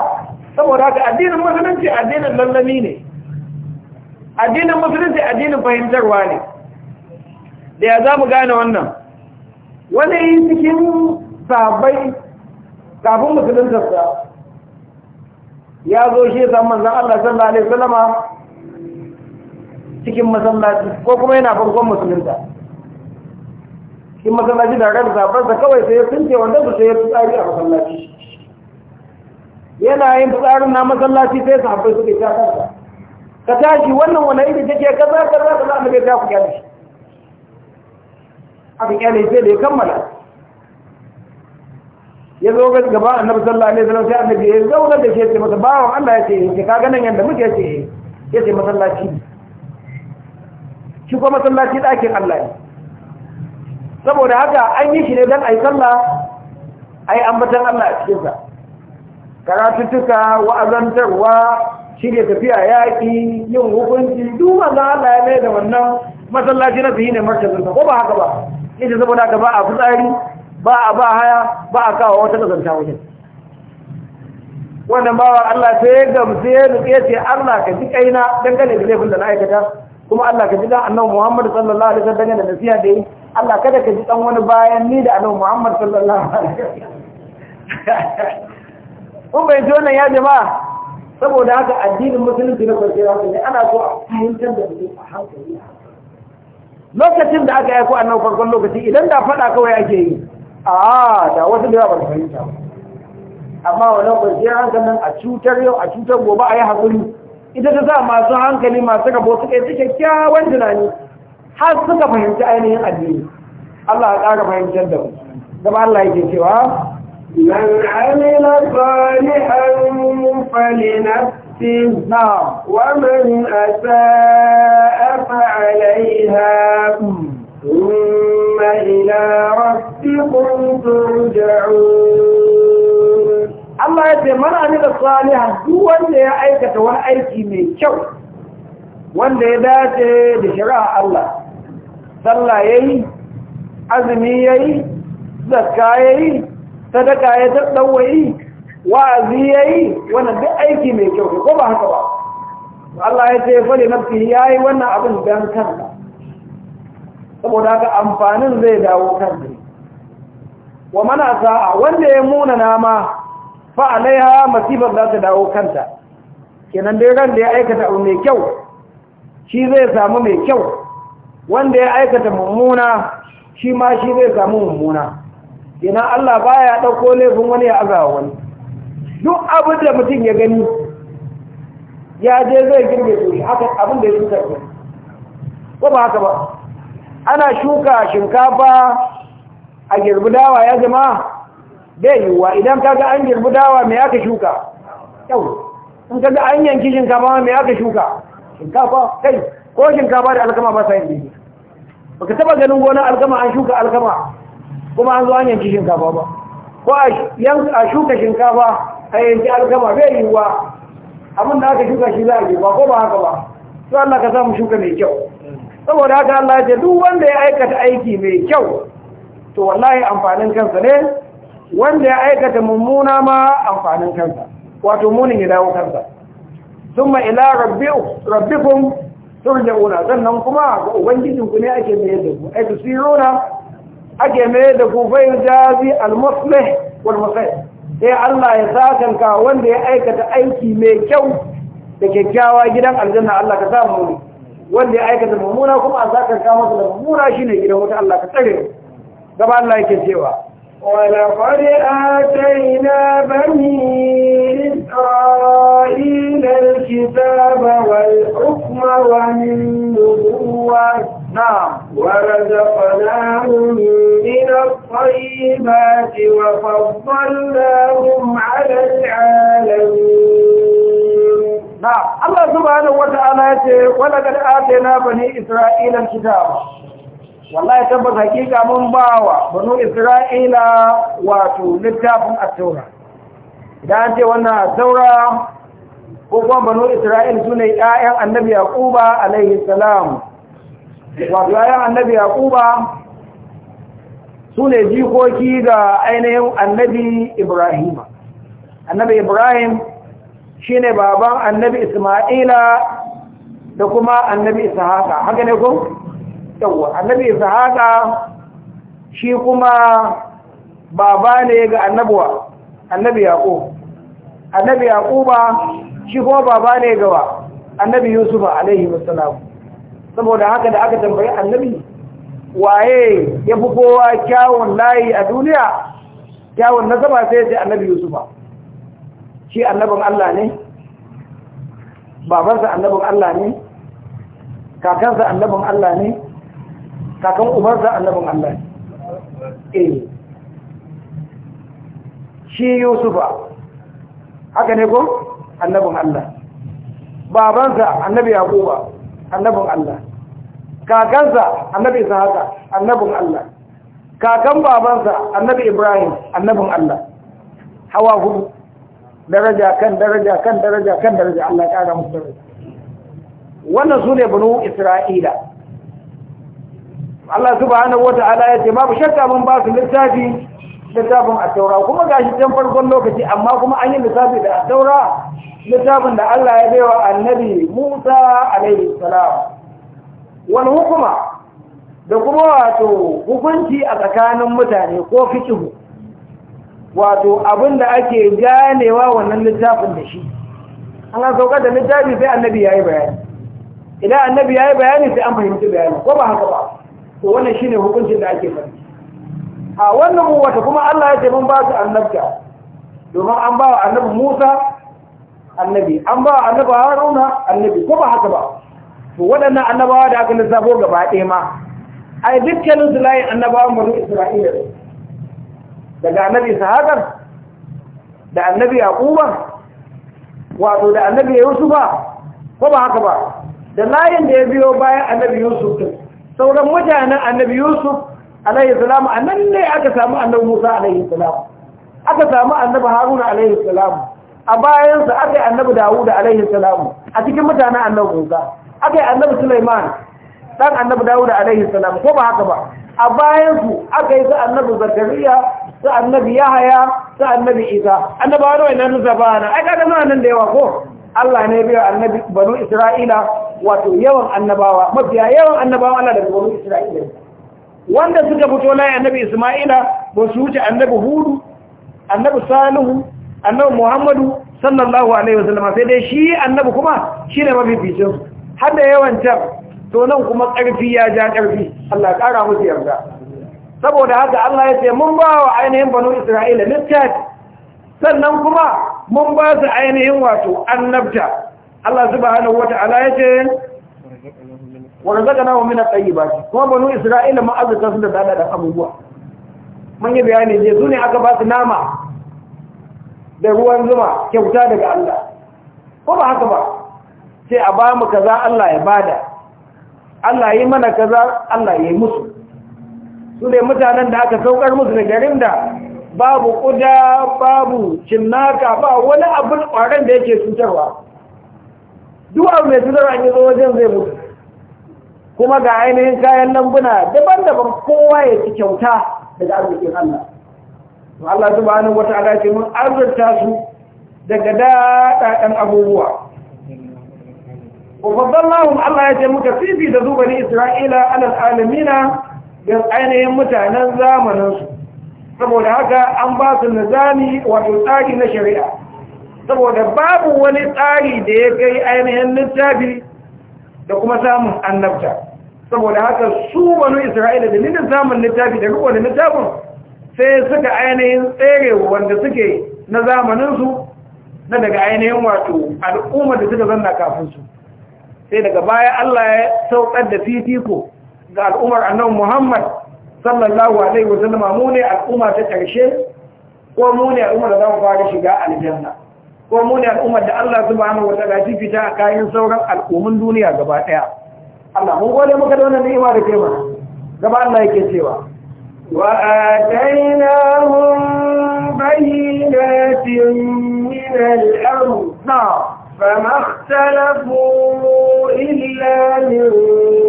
saboda haka addinin musulunci addinin lallami ne addinin musulunci addinin fahimtarwa ne da ya za mu gane wannan wani cikin sabai kafin musuluntarsa ya zo shi samu manzan Allah sallallahu alaihi wasallama cikin masallaci ko kuma yana farkon musulunta cikin masallaci da da zafarsa kawai sai ya sunce wanda su sai ya tsari a masallaci yana yin tsarin na masallaci sai su sahabbai suke ta kansa ka tashi wannan wani ita take kaza kaza za annabi ya ku kyale shi aka kyale sai da ya kammala ya zo ga gaba annabi sallallahu alaihi wasallam sai annabi ya zauna da shi ya ce masa bawon Allah ya ce ya ka ganin yanda muke ce ya ce masallaci shi kuma masallaci ɗakin Allah ne saboda haka an yi shi ne don a yi sallah a yi ambatan Allah a cikinsa karatuttuka shi shirya tafiya yaƙi yin hukunci duma za a ya mai da wannan masallaci na fiye ne martazinsa ko ba haka ba yadda saboda haka ba a fitsari ba a ba haya ba a kawo wata kazanta wajen wannan bawa Allah ta yi gamsu ya nutse ce Allah ka ji kaina dangane da laifin da na aikata kuma Allah ka ji dan annabi Muhammad sallallahu alaihi wasallam dangane da nasiha da yi Allah kada ka ji dan wani bayan ni da annabi Muhammad sallallahu alaihi wasallam kun bai ji wannan ya jama'a saboda haka addinin musulunci na kwanciyar hankali ana so a fahimtar da mutum a hankali lokacin da aka yi ko annan farkon lokaci idan da faɗa kawai ake yi a da wasu da ba fahimta amma wannan kwanciyar hankalin a cutar yau a cutar gobe a yi haƙuri ita ta sa masu hankali masu gabo suka yi kyakkyawan tunani har suka fahimci ainihin addini Allah ya ƙara fahimtar da mu gaba Allah yake cewa من عمل صالحا فلنفسه نعم. ومن أساء فعليها ثم إلى ربكم ترجعون الله يتي من عمل صالحا هو اللي يأيك وأيكي من شو وأن يداتي بشراء الله صلى يلي عزمي يلي يلي sadaka ya daddawayi wa'azi yayi wannan duk aiki mai kyau ko ba haka ba Allah ya ce fa li nafsihi yayi wannan abin dan saboda haka amfanin zai dawo ne. wa mana sa'a wanda ya muna nama fa alaiha masifar za ta dawo kanta kenan dai ran da ya aikata abu mai kyau shi zai samu mai kyau wanda ya aikata mummuna shi ma shi zai samu mummuna Ina Allah baya ɗauko laifin wani ya azawa wani duk abin da mutum ya gani ya je zai girbe su haka abin da ya shuka ne ko ba haka ba ana shuka shinkafa a girbi dawa ya zama bai yiwuwa idan kaga an girbi dawa mai aka shuka yau in kaga an yanki shinkafa mai aka shuka shinkafa kai ko shinkafa da alkama ba sa ne biki baka taba ganin gonar alkama an shuka alkama kuma an zo an yanki shinkafa ba ko a shuka shinkafa a yanki alkama bai yiwuwa abin da aka shuka shi za a ba ko ba haka ba su Allah ka samu shuka mai kyau saboda haka Allah ce duk wanda ya aikata aiki mai kyau to wallahi amfanin kansa ne wanda ya aikata mummuna ma amfanin kansa wato munin ya dawo kansa summa ila rabbikum turja'una sannan kuma ga ubangijinku ne ake mai da ku ai tusiruna ake mai da kufai jazi al-muslih wal sai Allah ya sakanka wanda ya aikata aiki mai kyau da kyakkyawa gidan aljanna Allah ka samu ne wanda ya aikata mummuna kuma a sakanka masa da mummuna shine gidan wata Allah ka tsare gaba Allah yake cewa ولقد آتينا بني إسرائيل الكتاب والحكم والنبوة نعم ورزقناهم من الطيبات وفضلناهم على العالمين نعم الله سبحانه وتعالى ولقد آتينا بني إسرائيل الكتاب wallahi tabbas hakika mun bawa banu isra'ila wato littafin at-taura idan an ce wannan at-taura ko kuma banu isra'il sune ƴaƴan annabi yaquba alaihi salam wato ƴaƴan annabi yaquba sune jikoki ga ainihin annabi ibrahim annabi ibrahim shine baban annabi isma'ila da kuma annabi ishaqa haka ne ko yawwa annabi ishaqa shi kuma baba ne ga annabuwa annabi yaqub annabi yaquba shi kuma baba ne ga wa annabi yusufa alaihi wassalam saboda haka da aka tambayi annabi waye ya fi kowa kyawun layi a duniya kyawun nasaba sai ya ce annabi yusufa shi annabin Allah ne babansa annabin Allah ne kakansa annabin Allah ne kakan ubansa annabin Allah eh shi Yusufa haka ne ko annabin Allah babansa annabi Yaquba annabin Allah kakansa annabi Ishaqa annabin Allah kakan babansa annabi Ibrahim annabin Allah hawa hudu daraja kan daraja kan daraja kan daraja Allah ya kara musu daraja wannan sune banu Isra'ila Allah subhanahu wata'ala ya ce babu shakka mun ba su littafi littafin at-taura kuma gashi can farkon lokaci amma kuma an yi littafi da at-taura littafin da Allah ya wa annabi Musa alaihi salam wal hukuma da kuma wato hukunci a tsakanin mutane ko fikihu wato abin da ake ganewa wannan littafin da shi an sauka da littafi sai annabi ya yi bayani idan annabi ya yi bayani sai an fahimci bayani ko ba haka ba to wannan shine hukuncin da ake faɗi a wannan wata kuma Allah ya ce mun ba su annabta domin an ba wa annabi Musa annabi an ba wa annabi Harun annabi ko ba haka ba to waɗannan annabawa da aka lissafo gaba ɗaya ma ai dukkanin su layin annabawan banu Isra'ila daga annabi Sahadar da annabi Yaquba wato da annabi Yusuf ko ba haka ba da layin da ya biyo bayan annabi Yusuf din sauran mutanen annabi yusuf alaihi salam a nan ne aka samu annabi musa alaihi salam aka samu annabi haruna alaihi salam a bayansa aka yi annabi dawud alaihi salam a cikin mutanen annabi musa aka yi annabi sulaiman dan annabi dawud alaihi salam ko ba haka ba a bayansu aka yi su annabi zakariya su annabi yahaya su annabi isa annabawa ne nan zaba na ai kaga nan da yawa ko Allah ne biya annabi banu Isra'ila wato yawan annabawa mafiya yawan annabawa Allah daga banu Isra'ila wanda suka fito na annabi Isma'ila ba su wuce annabi Hudu annabi Salihu annabi Muhammadu sallallahu alaihi wasallam sai dai shi annabi kuma shine mafificin har da yawan ta to nan kuma karfi ya ja karfi Allah ya kara musu yarda saboda haka Allah ya ce mun ba wa ainihin banu Isra'ila littafi sannan kuma mun ba su ainihin wato annabta Allah subhanahu wata'ala yace wa razaqnahum min at-tayyibati kuma banu isra'ila ma su da dada da abubuwa mun yi bayani ne, su ne aka ba su nama da ruwan zuma kyauta daga Allah ko ba haka ba sai a ba mu kaza Allah ya bada Allah yi mana kaza Allah ya yi musu su ne mutanen da aka saukar musu da garin da babu kuda babu cinnaka ba wani abin ƙwaren da yake cutarwa duk mai cutarwa a zo wajen zai mutu kuma ga ainihin kayan lambuna daban-daban kowa ya ci kyauta daga arzikin Allah to Allah hannun wata alaƙi mun arzikta su daga daɗaɗen abubuwa wafaddallahun Allah ya ce muka fifi da ni Isra'ila alal alamina ga ainihin mutanen zamaninsu saboda haka an ba su nizami wato tsari na shari'a saboda babu wani tsari da ya kai ainihin littafi da kuma samun annabta saboda haka su wani isra'ila da nidin samun littafi da riko da littafin sai suka ainihin tsere wanda suke na zamaninsu na daga ainihin wato al'ummar da suka zanna kafinsu sai daga baya allah ya saukar da fifiko ga al'ummar annabi muhammad sallallahu alaihi wa sallama mu ne al'umma ta karshe ko mu ne al'umma da za mu fara shiga aljanna ko mu ne al'umma da Allah subhanahu wa ta'ala ya fita a kayan sauran al'ummun duniya gaba daya Allah mun gode maka da wannan ni'ima da kai mana gaba Allah yake cewa wa atainahum bayyinatin min al-amr فما اختلفوا إلا من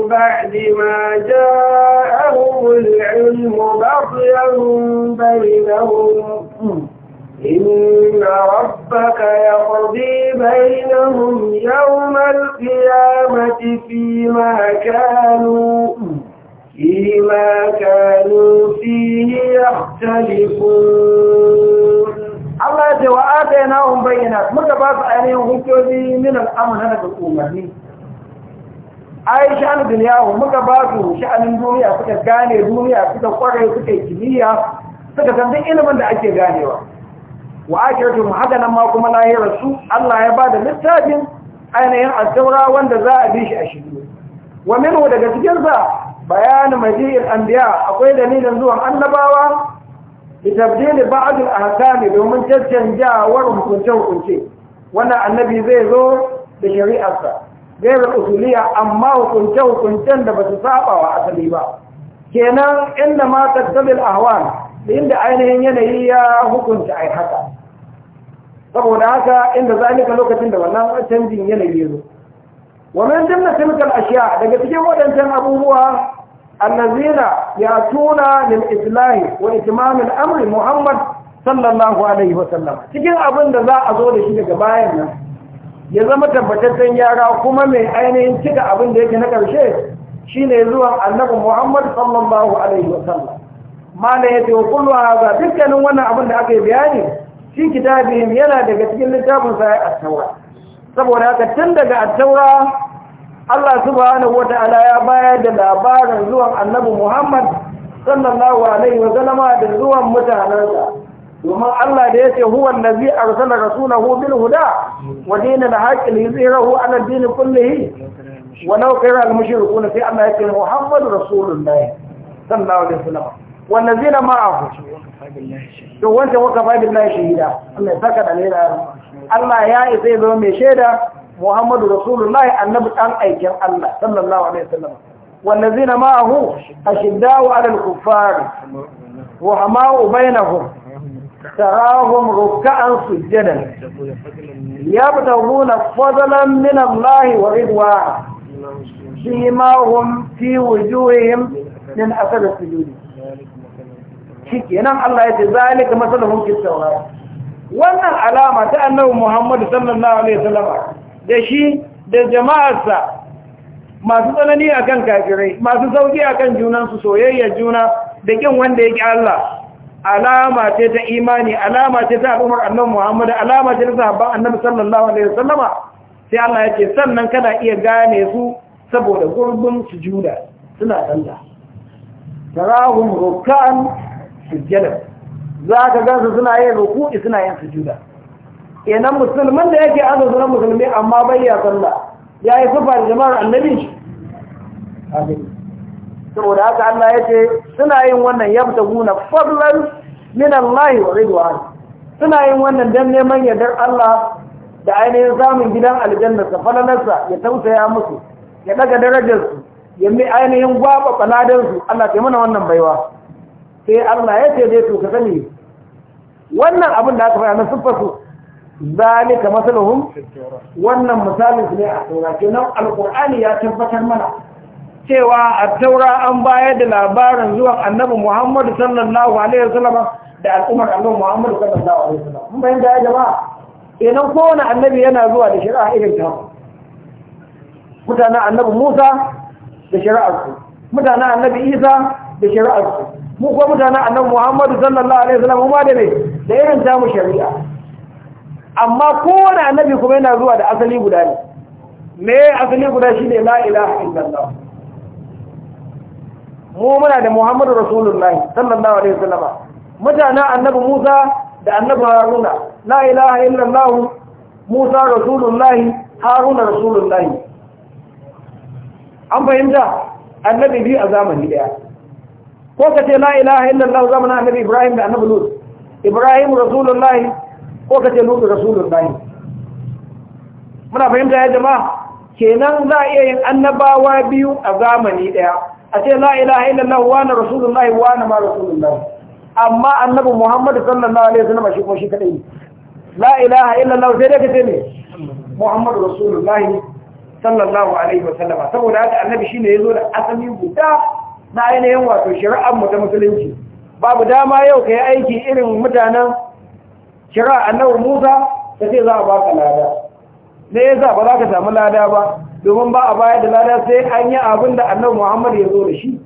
بعد ما جاءهم العلم بغيا بينهم إن ربك يقضي بينهم يوم القيامة فيما كانوا فيما كانوا فيه يختلفون الله يقول وآتيناهم بينات مرتبط عليهم حجوزي من الأمن هذا الأمة ai sha'anin duniyahu muka ba su sha'anin duniya suka gane duniya suka kware suka kimiyya suka san duk ilimin da ake ganewa wa akhiratu haka nan ma kuma lahirar su Allah ya bada littafin ainihin asaura wanda za a bi shi a shirye wa minhu daga cikin sa bayan maji'il anbiya akwai dalilin zuwan annabawa bi tabdil ba'd al-ahkam domin cancanjawar hukunce hukunce wannan annabi zai zo da shari'arsa gairar usuliya amma hukunce-hukuncen da ba su saba wa asali ba kenan inda ma tattabil ahwan inda ainihin yanayi ya hukunta ai haka saboda haka inda zalika lokacin da wannan canjin yanayi ya zo Wannan min jumla ashiya daga cikin waɗancan abubuwa allazina ya lil islahi wa itimamin amri muhammad sallallahu alaihi wa cikin abin da za a zo da shi daga bayan nan ya zama tabbataccen yara kuma mai ainihin cika abin da yake na ƙarshe shine zuwan annabi Muhammad sallallahu alaihi wasallam na yace wa kullu hadha dukkanin wannan abin da aka yi bayani shi kitabihim yana daga cikin littafin sa a taura saboda haka tun daga a taura Allah subhanahu wata'ala ya bayar da labarin zuwan annabi Muhammad sallallahu alaihi wasallama da zuwan mutanensa domin Allah da ya ce huwa allazi arsala rasulahu bil huda wa dinil yi li yuzhirahu ala din kullihi wa law kana al mushrikuuna sai Allah ya ce Muhammadu rasulullah sallallahu alaihi wasallam ma'a ma'ahu to wancan waka fa billahi shahida Allah ya saka dalila Allah ya isa ya zama mai shaida Muhammadu rasulullah annabi dan aikin Allah sallallahu alaihi wasallam wallazina ma'ahu ashiddaa'u 'ala al kuffar wa hama'u bainahum تراهم ركعا سجدا يبتغون فضلا من الله ورضوانا فيما هم في وجوههم من أثر السجود شكينا الله ذلك مثلهم في التوراة wannan alama ta annabi Muhammad sallallahu alaihi wasallam da shi da jama'arsa masu tsanani akan kafirai masu sauki akan junansu soyayya juna da kin wanda yake Allah alama ce ta imani alama ce ta al'ummar annabi Muhammad alama ce ta sahabban annabi sallallahu alaihi wasallama sai Allah yake sannan kana iya gane su saboda gurbin sujuda suna Allah tarahum ruk'an sujada zaka gansu suna yin ruku'i suna yin sujuda kenan musulmin da yake zuwa musulmi amma bai ya sallah yayi da jama'ar annabi amin saboda haka Allah ya ce suna yin wannan guna fadlan min Allah wa ridwan suna yin wannan dan neman yardar Allah da ainihin samun gidan sa falalarsa ya tausaya musu ya daga darajarsu ya mai ainihin gwaba faladarsu Allah ta mana wannan baiwa sai Allah ya ce zai to ka sani wannan abin da aka fara na siffarsu zalika masaluhum wannan misalin su ne a saura kenan alqur'ani ya tabbatar mana cewa a taura an bayar da labarin zuwan annabi muhammadu sallallahu alaihi wasallam da al'ummar annabi muhammadu sallallahu alaihi wasallam mun bayan da ya jama'a idan kowane annabi yana zuwa da shari'a irin ta mutanen annabi musa da shari'ar su mutanen annabi isa da shari'ar su mu kuma mutanen annabi muhammadu sallallahu alaihi wasallam mu ma da ne da irin ta mu shari'a amma kowane annabi kuma yana zuwa da asali guda ne me asali guda shine la ilaha illallah mu muna da muhammadu rasulullahi sallallahu alaihi wasallam mutana annabi musa da annabi haruna la ilaha illallah musa rasulullahi haruna rasulullahi an fahimta annabi biyu a zamani daya ko ka ce la ilaha illallah zamanin annabi ibrahim da annabi lut ibrahim rasulullahi ko ka ce lut rasulullahi muna fahimta ya jama'a kenan za a iya yin annabawa biyu a zamani daya a ce la ilaha illallah wa na rasulullahi wa na ma rasulullahi amma annabi muhammadu sallallahu alaihi wasallam shi ko shi kadai la ilaha illallah sai dai kace ne muhammadu rasulullahi sallallahu alaihi wasallam saboda haka annabi shine yazo da asali guda na ainihin wato shari'ar mu ta musulunci babu dama yau kai aiki irin mutanen shari'a annabi Musa kace za a baka lada me yasa ba za ka samu lada ba domin ba a baya da lada sai an yi abin da annabi Muhammad ya zo da shi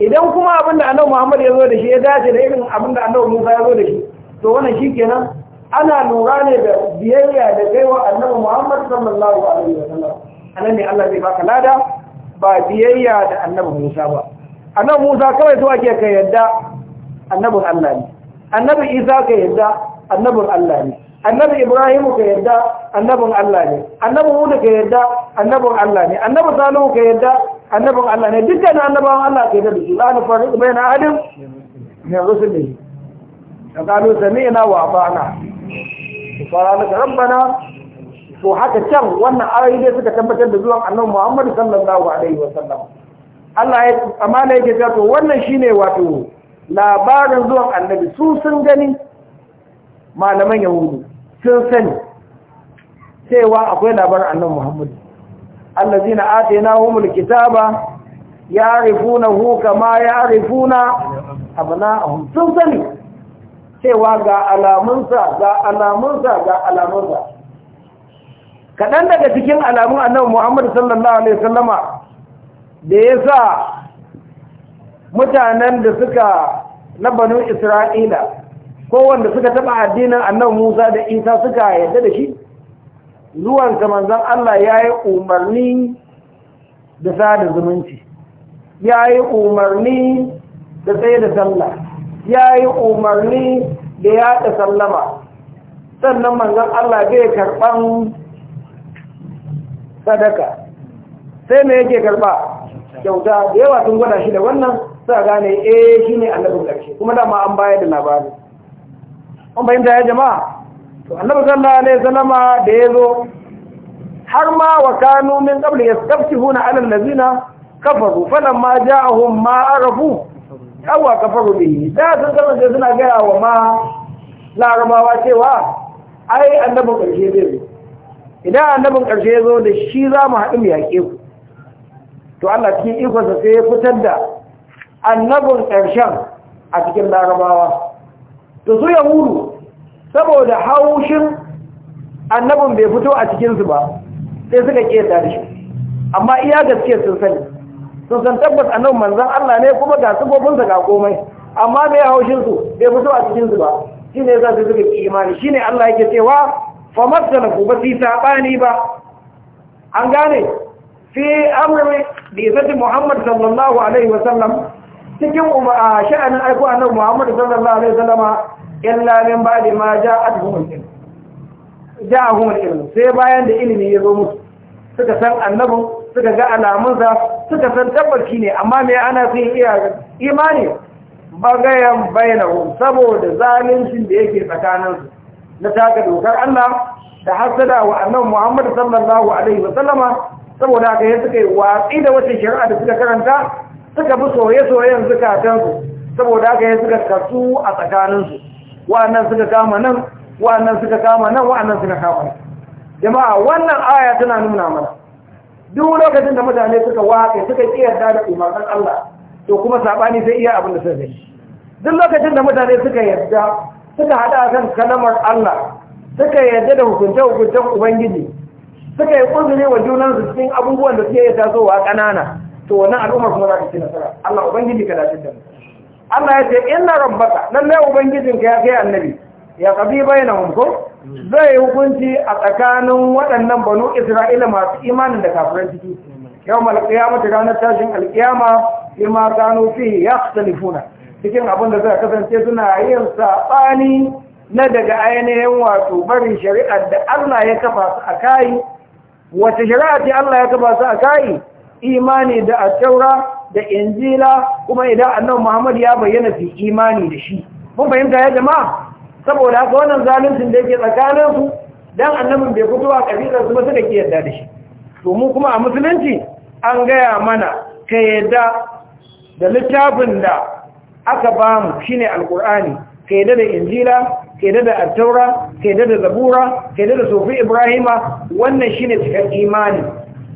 idan kuma abin da annabi Muhammad ya zo da shi ya dace da irin abin da annabi Musa ya zo da shi to wani shi kenan ana lura ne da biyayya da kaiwa annabi Muhammad sallallahu alaihi wa wasallam anan ne Allah zai baka lada ba biyayya da annabi Musa ba annabi Musa kawai zuwa ke ka yadda annabin Allah ne annabi Isa ka yadda annabin Allah ne annabi ibrahimu ka yarda annabin Allah ne annabi hudu ka yarda annabin Allah ne annabi salihu ka yarda annabin Allah ne dukkan annabawan Allah ka yarda da su la na ne rusu ne min rusulihi sami sami'na wa ata'na subhanaka rabbana to haka can wannan ayoyi dai suka tabbatar da zuwan annabi Muhammadu sallallahu alaihi wa sallam Allah ya amana yake cewa to wannan shine wato labarin zuwan annabi su sun gani malaman yahudu sun sani cewa akwai labarin annan muhammadu allazina humul kitaba ya'rifunahu kama ya'rifuna abna'ahum sun sani cewa ga alamunsa ga alamunsa ga alamunsa kadan daga cikin alamun annan Muhammad sallallahu alaihi wasallama da yasa mutanen da suka na banu Isra'ila ko wanda suka taba addinin annan Musa da Isa suka yarda da shi zuwan manzan Allah Allah yi umarni da sada zumunci Ya yi umarni da tsaye da sallah Ya yi umarni da yaɗa sallama sannan manzan Allah bai karban sadaka sai me yake karba kyauta da yawa sun gwada shi da wannan sa gane eh ne annabin ƙarshe kuma dama an bayar da labarin an bayyanta ya jama'a to annabi sallallahu alaihi wasallam da yazo har ma wa kanu min qabl yastafihuna ala allazina kafaru falamma ja'ahum ma arafu awa kafaru bihi da sun kasance suna gaya wa ma larabawa cewa ai annabin karshe zai zo idan annabin karshe zo da shi za mu haɗu mu yaƙe ku to Allah cikin ikonsa sai ya fitar da annabin ƙarshen a cikin larabawa to su yahudu saboda haushin annabin bai fito a cikinsu ba sai suka keta da shi amma iya gaske sun sani sun san tabbas annabin manzan Allah ne kuma ga sufofinsa ga komai amma mai haushinsu bai fito a cikinsu ba shi ne za su suka ki imani shi ne Allah yake cewa famasana ku ba su yi saɓani ba an gane fi amri da isatin muhammad sallallahu alaihi wasallam cikin sha'anin aiko annabi Muhammadu sallallahu alaihi wasallam lamin ba da ma ja a ja'ahum ilmi sai bayan da ilimi ya zo musu suka san annabin suka ga alamunsa suka san tabbaci ne amma me ana sun iya imani bagayen bainahum saboda zalincin da yake tsakaninsu na taka dokar Allah da hasada wa annan Muhammadu sallallahu alaihi wasallama saboda haka ya suka yi watsi da wata shari'a da suka karanta suka fi soye-soyen zukatansu saboda haka ya suka kasu a tsakaninsu wa'annan suka kama nan wa'annan suka kama nan wa'annan suka kama nan jama'a wannan aya tana nuna mana duk lokacin da mutane suka waƙe suka yarda da umarnin Allah to kuma sabani sai iya abin da suka zai duk lokacin da mutane suka yarda suka hada kan kalamar Allah suka yarda da hukunce-hukuncen Ubangiji suka yi ƙunzuri wa junansu cikin abubuwan da suke iya tasowa ƙanana to al'ummar kuma za ka ci nasara Allah ubangiji ka dace da Allah ya ce inna rabbaka lalle ubangijin ka ya kai annabi ya kabi bainahum ko zai yi hukunci a tsakanin waɗannan banu Isra'ila masu imanin da kafiran ciki yawmal qiyamati ranar tashin alqiyama bima kanu fi salifuna. cikin abin da zai kasance suna yin saɓani na daga ainihin wato bari shari'ar da Allah ya kafa su a kai wace shari'a ce Allah ya kafa su a kai imani da attaura da injila kuma idan annabi Muhammad ya bayyana fi imani da shi mun fahimta ya jama'a saboda haka wannan zaluncin da yake tsakanin su dan annabin bai fito a kabilar su ba suka ki yarda da shi to mu kuma a musulunci an gaya mana ka yarda da littafin da aka ba mu shine alqur'ani ka yarda da injila ka yarda da attaura ka yarda da zabura ka yarda da sufi ibrahima wannan shine cikin imani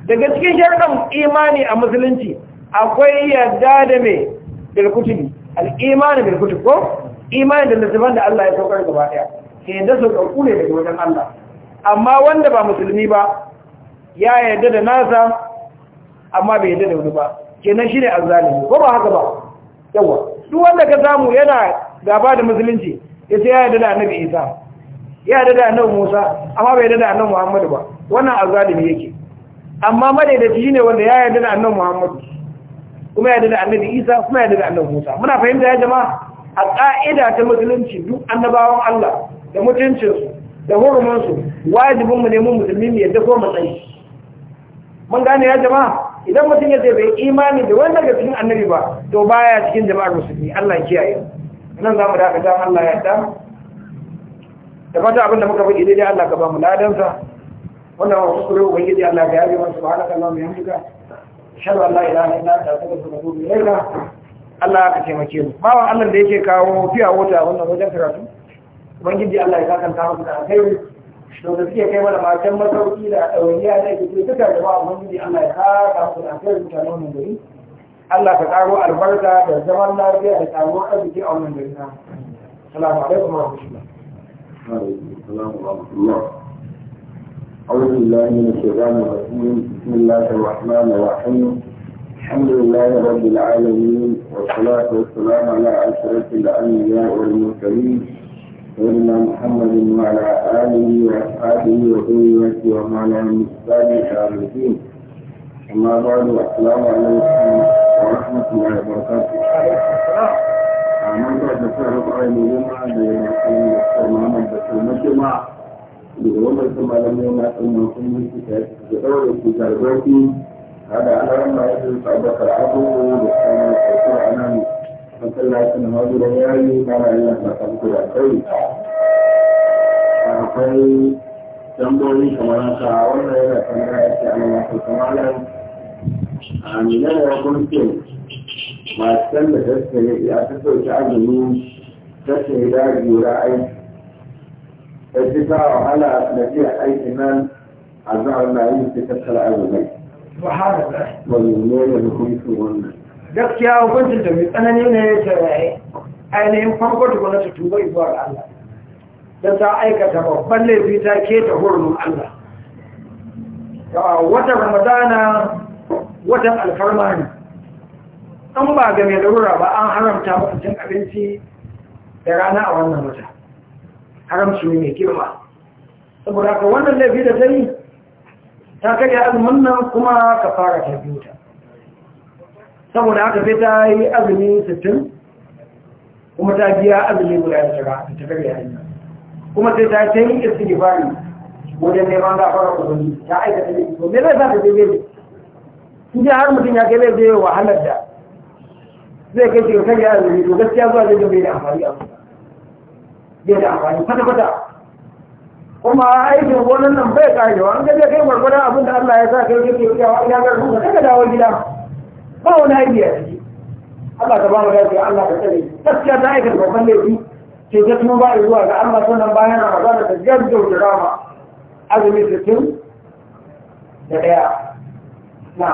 daga cikin sharɗin imani a musulunci akwai yadda da mai bilkutubi al'imani bilkutubi ko imani da nasiban da Allah ya saukar gaba ɗaya ke yadda su ɗauku ne daga wajen Allah amma wanda ba musulmi ba ya yadda da nasa amma bai yadda da wani ba kenan shi ne zalimi ko ba haka ba yawa duk wanda ka samu yana gaba da musulunci ya sai ya yadda da annabi isa ya yadda da annabi musa amma bai yadda da annabi muhammadu ba wannan zalimi yake amma madaidaci ne wanda ya yarda da annabi Muhammadu kuma ya yarda da annabi Isa kuma ya yarda da annabi Musa muna fahimta ya jama'a a ka'ida ta musulunci duk annabawan Allah da mutuncinsu da hurumansu wajibin mu ne mun musulmi mu yadda ko matsayi mun gane ya jama'a idan mutum ya ce bai imani da wanda ga cikin annabi ba to baya cikin jama'ar musulmi Allah ya kiyaye nan za zamu dakata Allah ya yarda da fata abinda muka faɗi daidai Allah ka ba mu ladansa wannan wasu kure ubangiji Allah ga yaji wasu ba haka Allah mai hamduka shar Allah ila ila da ta kasu da gobe laila Allah ka taimake mu bawan Allah da yake kawo fiya wata wannan wajen karatu ubangiji Allah ya kakanta masa da kai, don da suke kai mana matan masauki da ɗauriya da ke duka da ba ubangiji Allah ya kaka su da alheri mutane wannan gari Allah ka karo albarka da zaman lafiya da karuwar arziki a wannan gari na. Assalamu alaikum wa rahmatullah. Wa alaikum assalam wa rahmatullah. أعوذ بالله من الشيطان الرجيم بسم الله الرحمن الرحيم الحمد لله رب العالمين والصلاة والسلام على أشرف الأنبياء والمرسلين سيدنا محمد وعلى آله وأصحابه وذريته ومن لم السابقين أما بعد السلام عليكم ورحمة الله وبركاته. أنا أقول ورحمة الله وبركاته لك أنا أقول لك أنا daga wannan sun malamai na tsamman sun yi su ta da ɗaure su zargafi hada alaran ma yake su abakar abubuwa da kuma ƙarfi a nan masallacin mazuran yayi na rayuwar na kamfu da kai akwai tambayoyi kamar haka wannan yana tambaya ya ce ana masu kamalan a milan ya kumfin masu da gaskiya ya ta sauke azumi ta shaida jura aiki sai ta wahala da iya aikin nan a za'ar na yi sai tattara abubai wallahi da hukuncin wannan gaskiya hukuncin da tsanani ne ya tsaraye eh, ainihin farko da gwamnati tuba ibuwar Allah don ta aikata babban laifi ta keta hurumin Allah watan ramadana watan alfarma ne an ba ga mai larura ba an haramta mutum abinci da rana a wannan wata haramci ne mai girma saboda haka wannan laifin da ta yi ta karya azumin nan kuma ka fara ta biyu ta saboda haka sai ta yi azumi sittin kuma ta biya azumi guda ya shiga da ta karya hanya kuma sai ta ta yi fari wajen neman fara ubangi ta aikata ne to me zai sa ta ne in ji har mutum ya kai zai zai wahalar da zai kai shi ga karya azumi to gaskiya zuwa zai ga bai da amfani a mutum bai da amfani kwata-kwata kuma aikin gonan nan bai karewa an gaje kai gwargwadon abin da Allah ya sa kai kake yawa ina ga ruwa daga dawo gida ba wani aiki a ciki Allah ta ba mu dace Allah ta tsare gaskiya ta aikata babban laifi Ke ta tuba ba zuwa ga Allah sunan bayan Ramadan ta jaddau da rama azumi 60 da daya na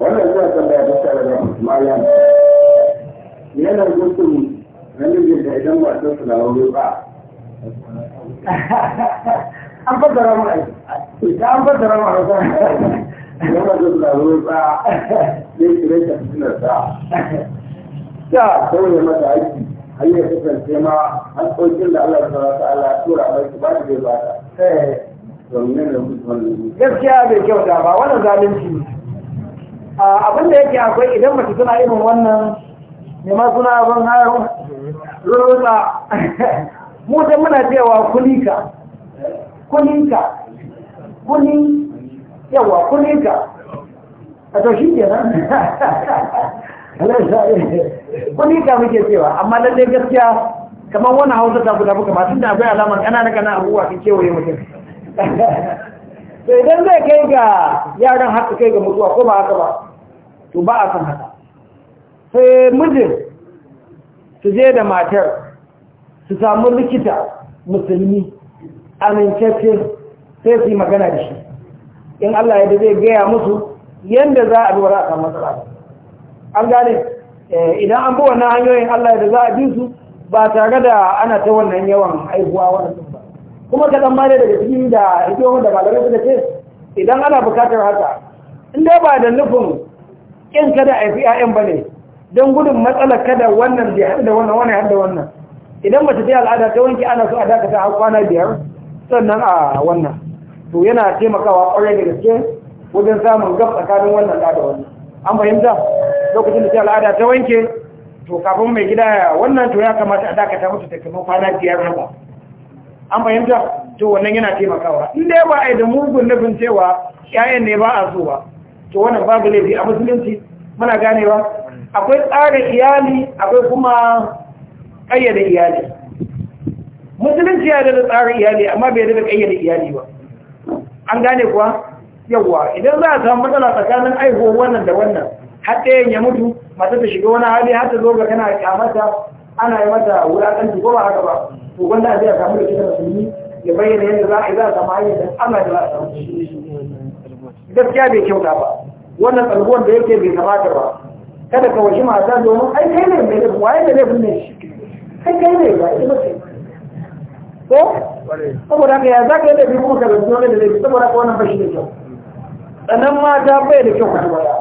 wannan zai tambaya ta tsare da Maryam yana gudun namijin da idan ba ta suna wuri ba an fassara mu aiki ta an fassara mu hausa idan ba ta suna wuri ba ne kire ta suna sa Ya sauye mata aiki har ya kasance ma an ɗaukin da Allah ta ta'ala tura mai ba ta bai ba ta eh. domin da mutum gaskiya bai kyauta ba wannan zalunci ah, abin da yake akwai idan mace tana irin wannan neman suna abin hayar roza mu da muna cewa kulika kulika kuni yawa kulika a to shi ke nan kulika muke cewa amma lallai gaskiya kamar wani hausa ta guda muka masu da akwai alamar ƙananan ƙananan abubuwa sun kewaye mutum to idan zai kai ga yaran haka kai ga mutuwa ko ba haka ba to ba a san haka sai mijin su je da matar su samu likita musulmi amincaccen sai su yi magana da shi in Allah ya zai gaya musu yadda za a lura a samu matsala an gane eh, idan an buwa na hanyoyin Allah da za a bi su ba tare da ana ta wannan yawan aihuwa wannan ba kuma ka dan bada daga cikin da hikiyoyin da su suka ce idan ana bukatar haka in dai ba da nufin kin kada a fi 'ya'yan ba ne don gudun matsala kada wannan bai haɗu da wannan wani haɗu da wannan idan mace ta al'ada ta wanke ana so a dakata a kwana biyar sannan a wannan to yana taimakawa ƙwarai da gaske wajen samun gab tsakanin wannan da da wannan an fahimta lokacin da ta al'ada ta wanke to kafin mai gida ya wannan to ya kamata a dakata mutu ta kamar kwana biyar haka an fahimta to wannan yana taimakawa in dai ba a yi da mugun nufin cewa 'ya'yan ne ba a so ba to wannan babu laifi a musulunci muna ganewa akwai tsara iyali akwai kuma ƙayyade iyali musulunci ya da tsara iyali amma bai da ƙayyade iyali ba an gane kuwa yawwa idan za a samu matsala tsakanin aihuwar wannan da wannan har yin ya mutu masu ta shiga wani hali harta zo ga kana kyamata ana yi mata wulaƙanci ko ba haka ba to wanda a zai samu da kitan musulmi ya bayyana yadda za a samu hanyar da ana da za a samu gaskiya bai kyauta ba wannan tsalguwar da yake bai kamata ba kada ka waje mata domin ai kai ne mai laifin waye da laifin ne shi kai kai ne ba ita ce ko saboda ka ya za ka yi laifin kuma ka zargi wani da laifin saboda ka wannan bashi da kyau sannan mata bai da kyau kuma ya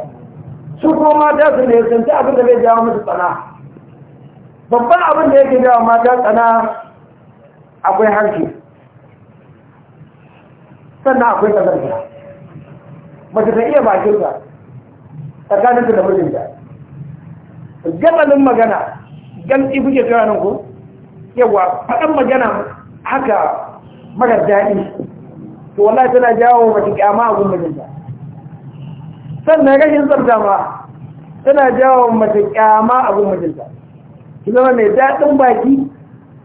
su kuma mata su ne sun ta abin da bai jawo musu tsana babban abin da yake jawo mata tsana akwai harshe sannan akwai tsazarta mace ta iya bakinta tsakaninta da mijinta gabanin magana gan ibu ke tsira nan ku yawa faɗan magana haka marar daɗi to wallahi tana jawo mace kyama a gumbaninta sannan rashin tsarta ma tana jawo mace kyama a gumbaninta ki zama mai daɗin baki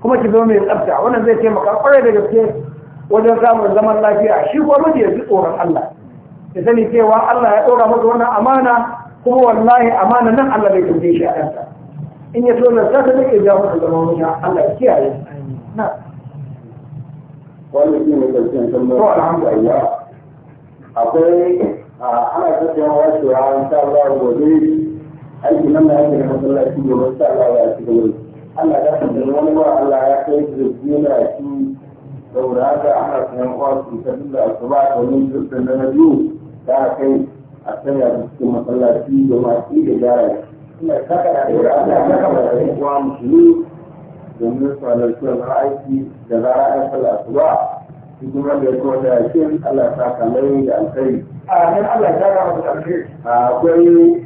kuma ki zama mai tsafta wannan zai taimaka ƙwarai da gaske wajen samun zaman lafiya shi kuma mace ya ji tsoron Allah ya sani cewa Allah ya ɗora masa wannan amana kuma wallahi amana nan Allah bai tambaye shi a ɗansa in ya so zarta ta zai ja masa zama wani Allah ya kiyaye na wannan shi ne karshen kallon to alhamdulillah akwai ana tafiya wacewa insha Allah gobe aiki nan da yake da masallaci gobe insha Allah ya ci gaba Allah ya san wani ba Allah ya kai da jina shi saboda haka ana sayan kwasu ta da asuba domin dukkan na biyu ta kai a cikin masallaci da masu da gyara suna kaka da ɗaya domin aiki da zara an sallah asuba shi kuma da ya da yakin Allah ta kalai da alkhairi. Amin Allah kama da alkhairi. Akwai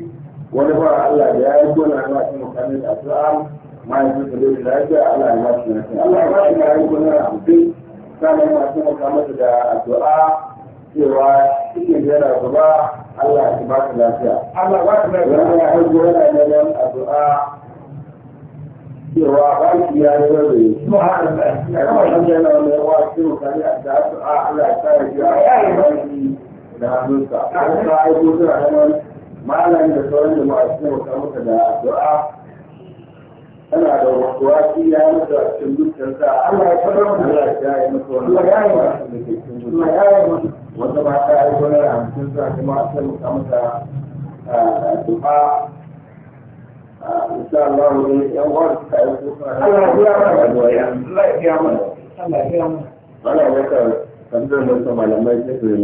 wani fara Allah da ya yi gona na mutane da da zai lafiya Allah ya ba shi Allah ya ba shi gona Sannan masu makamata da addu'a cewa cikin yana gaba Allah ya ba ka lafiya Allah ba ka lafiya wannan aiki yana addu'a cewa baki ya yi rarrabe su har da ya kama san yana wani cikin a addu'a Allah ya kare shi a yayin baki da hannunsa kuma aiko suna neman malami da sauran jama'a da addu'a tana da wasuwaki ya mutu a cikin dukkan sa Allah ya ya yi mutu wannan ya yi cikin dukkan wata ba ta yi wani hamsin sa kuma a sai muka mata duka insha Allah ne yan uwa suka yi Allah ya mana doya Allah ya mana Allah ya mana wata malamai yi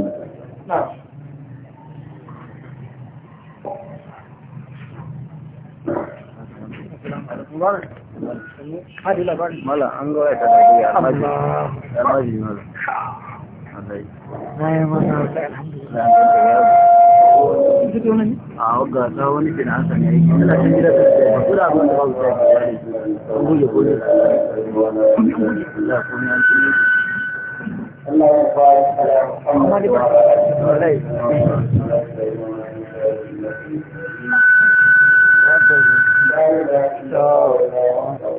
Mala, an ya ya maji, ya maji mala. na wani bin haka ne yake ina can gida abin da an Allah ya ba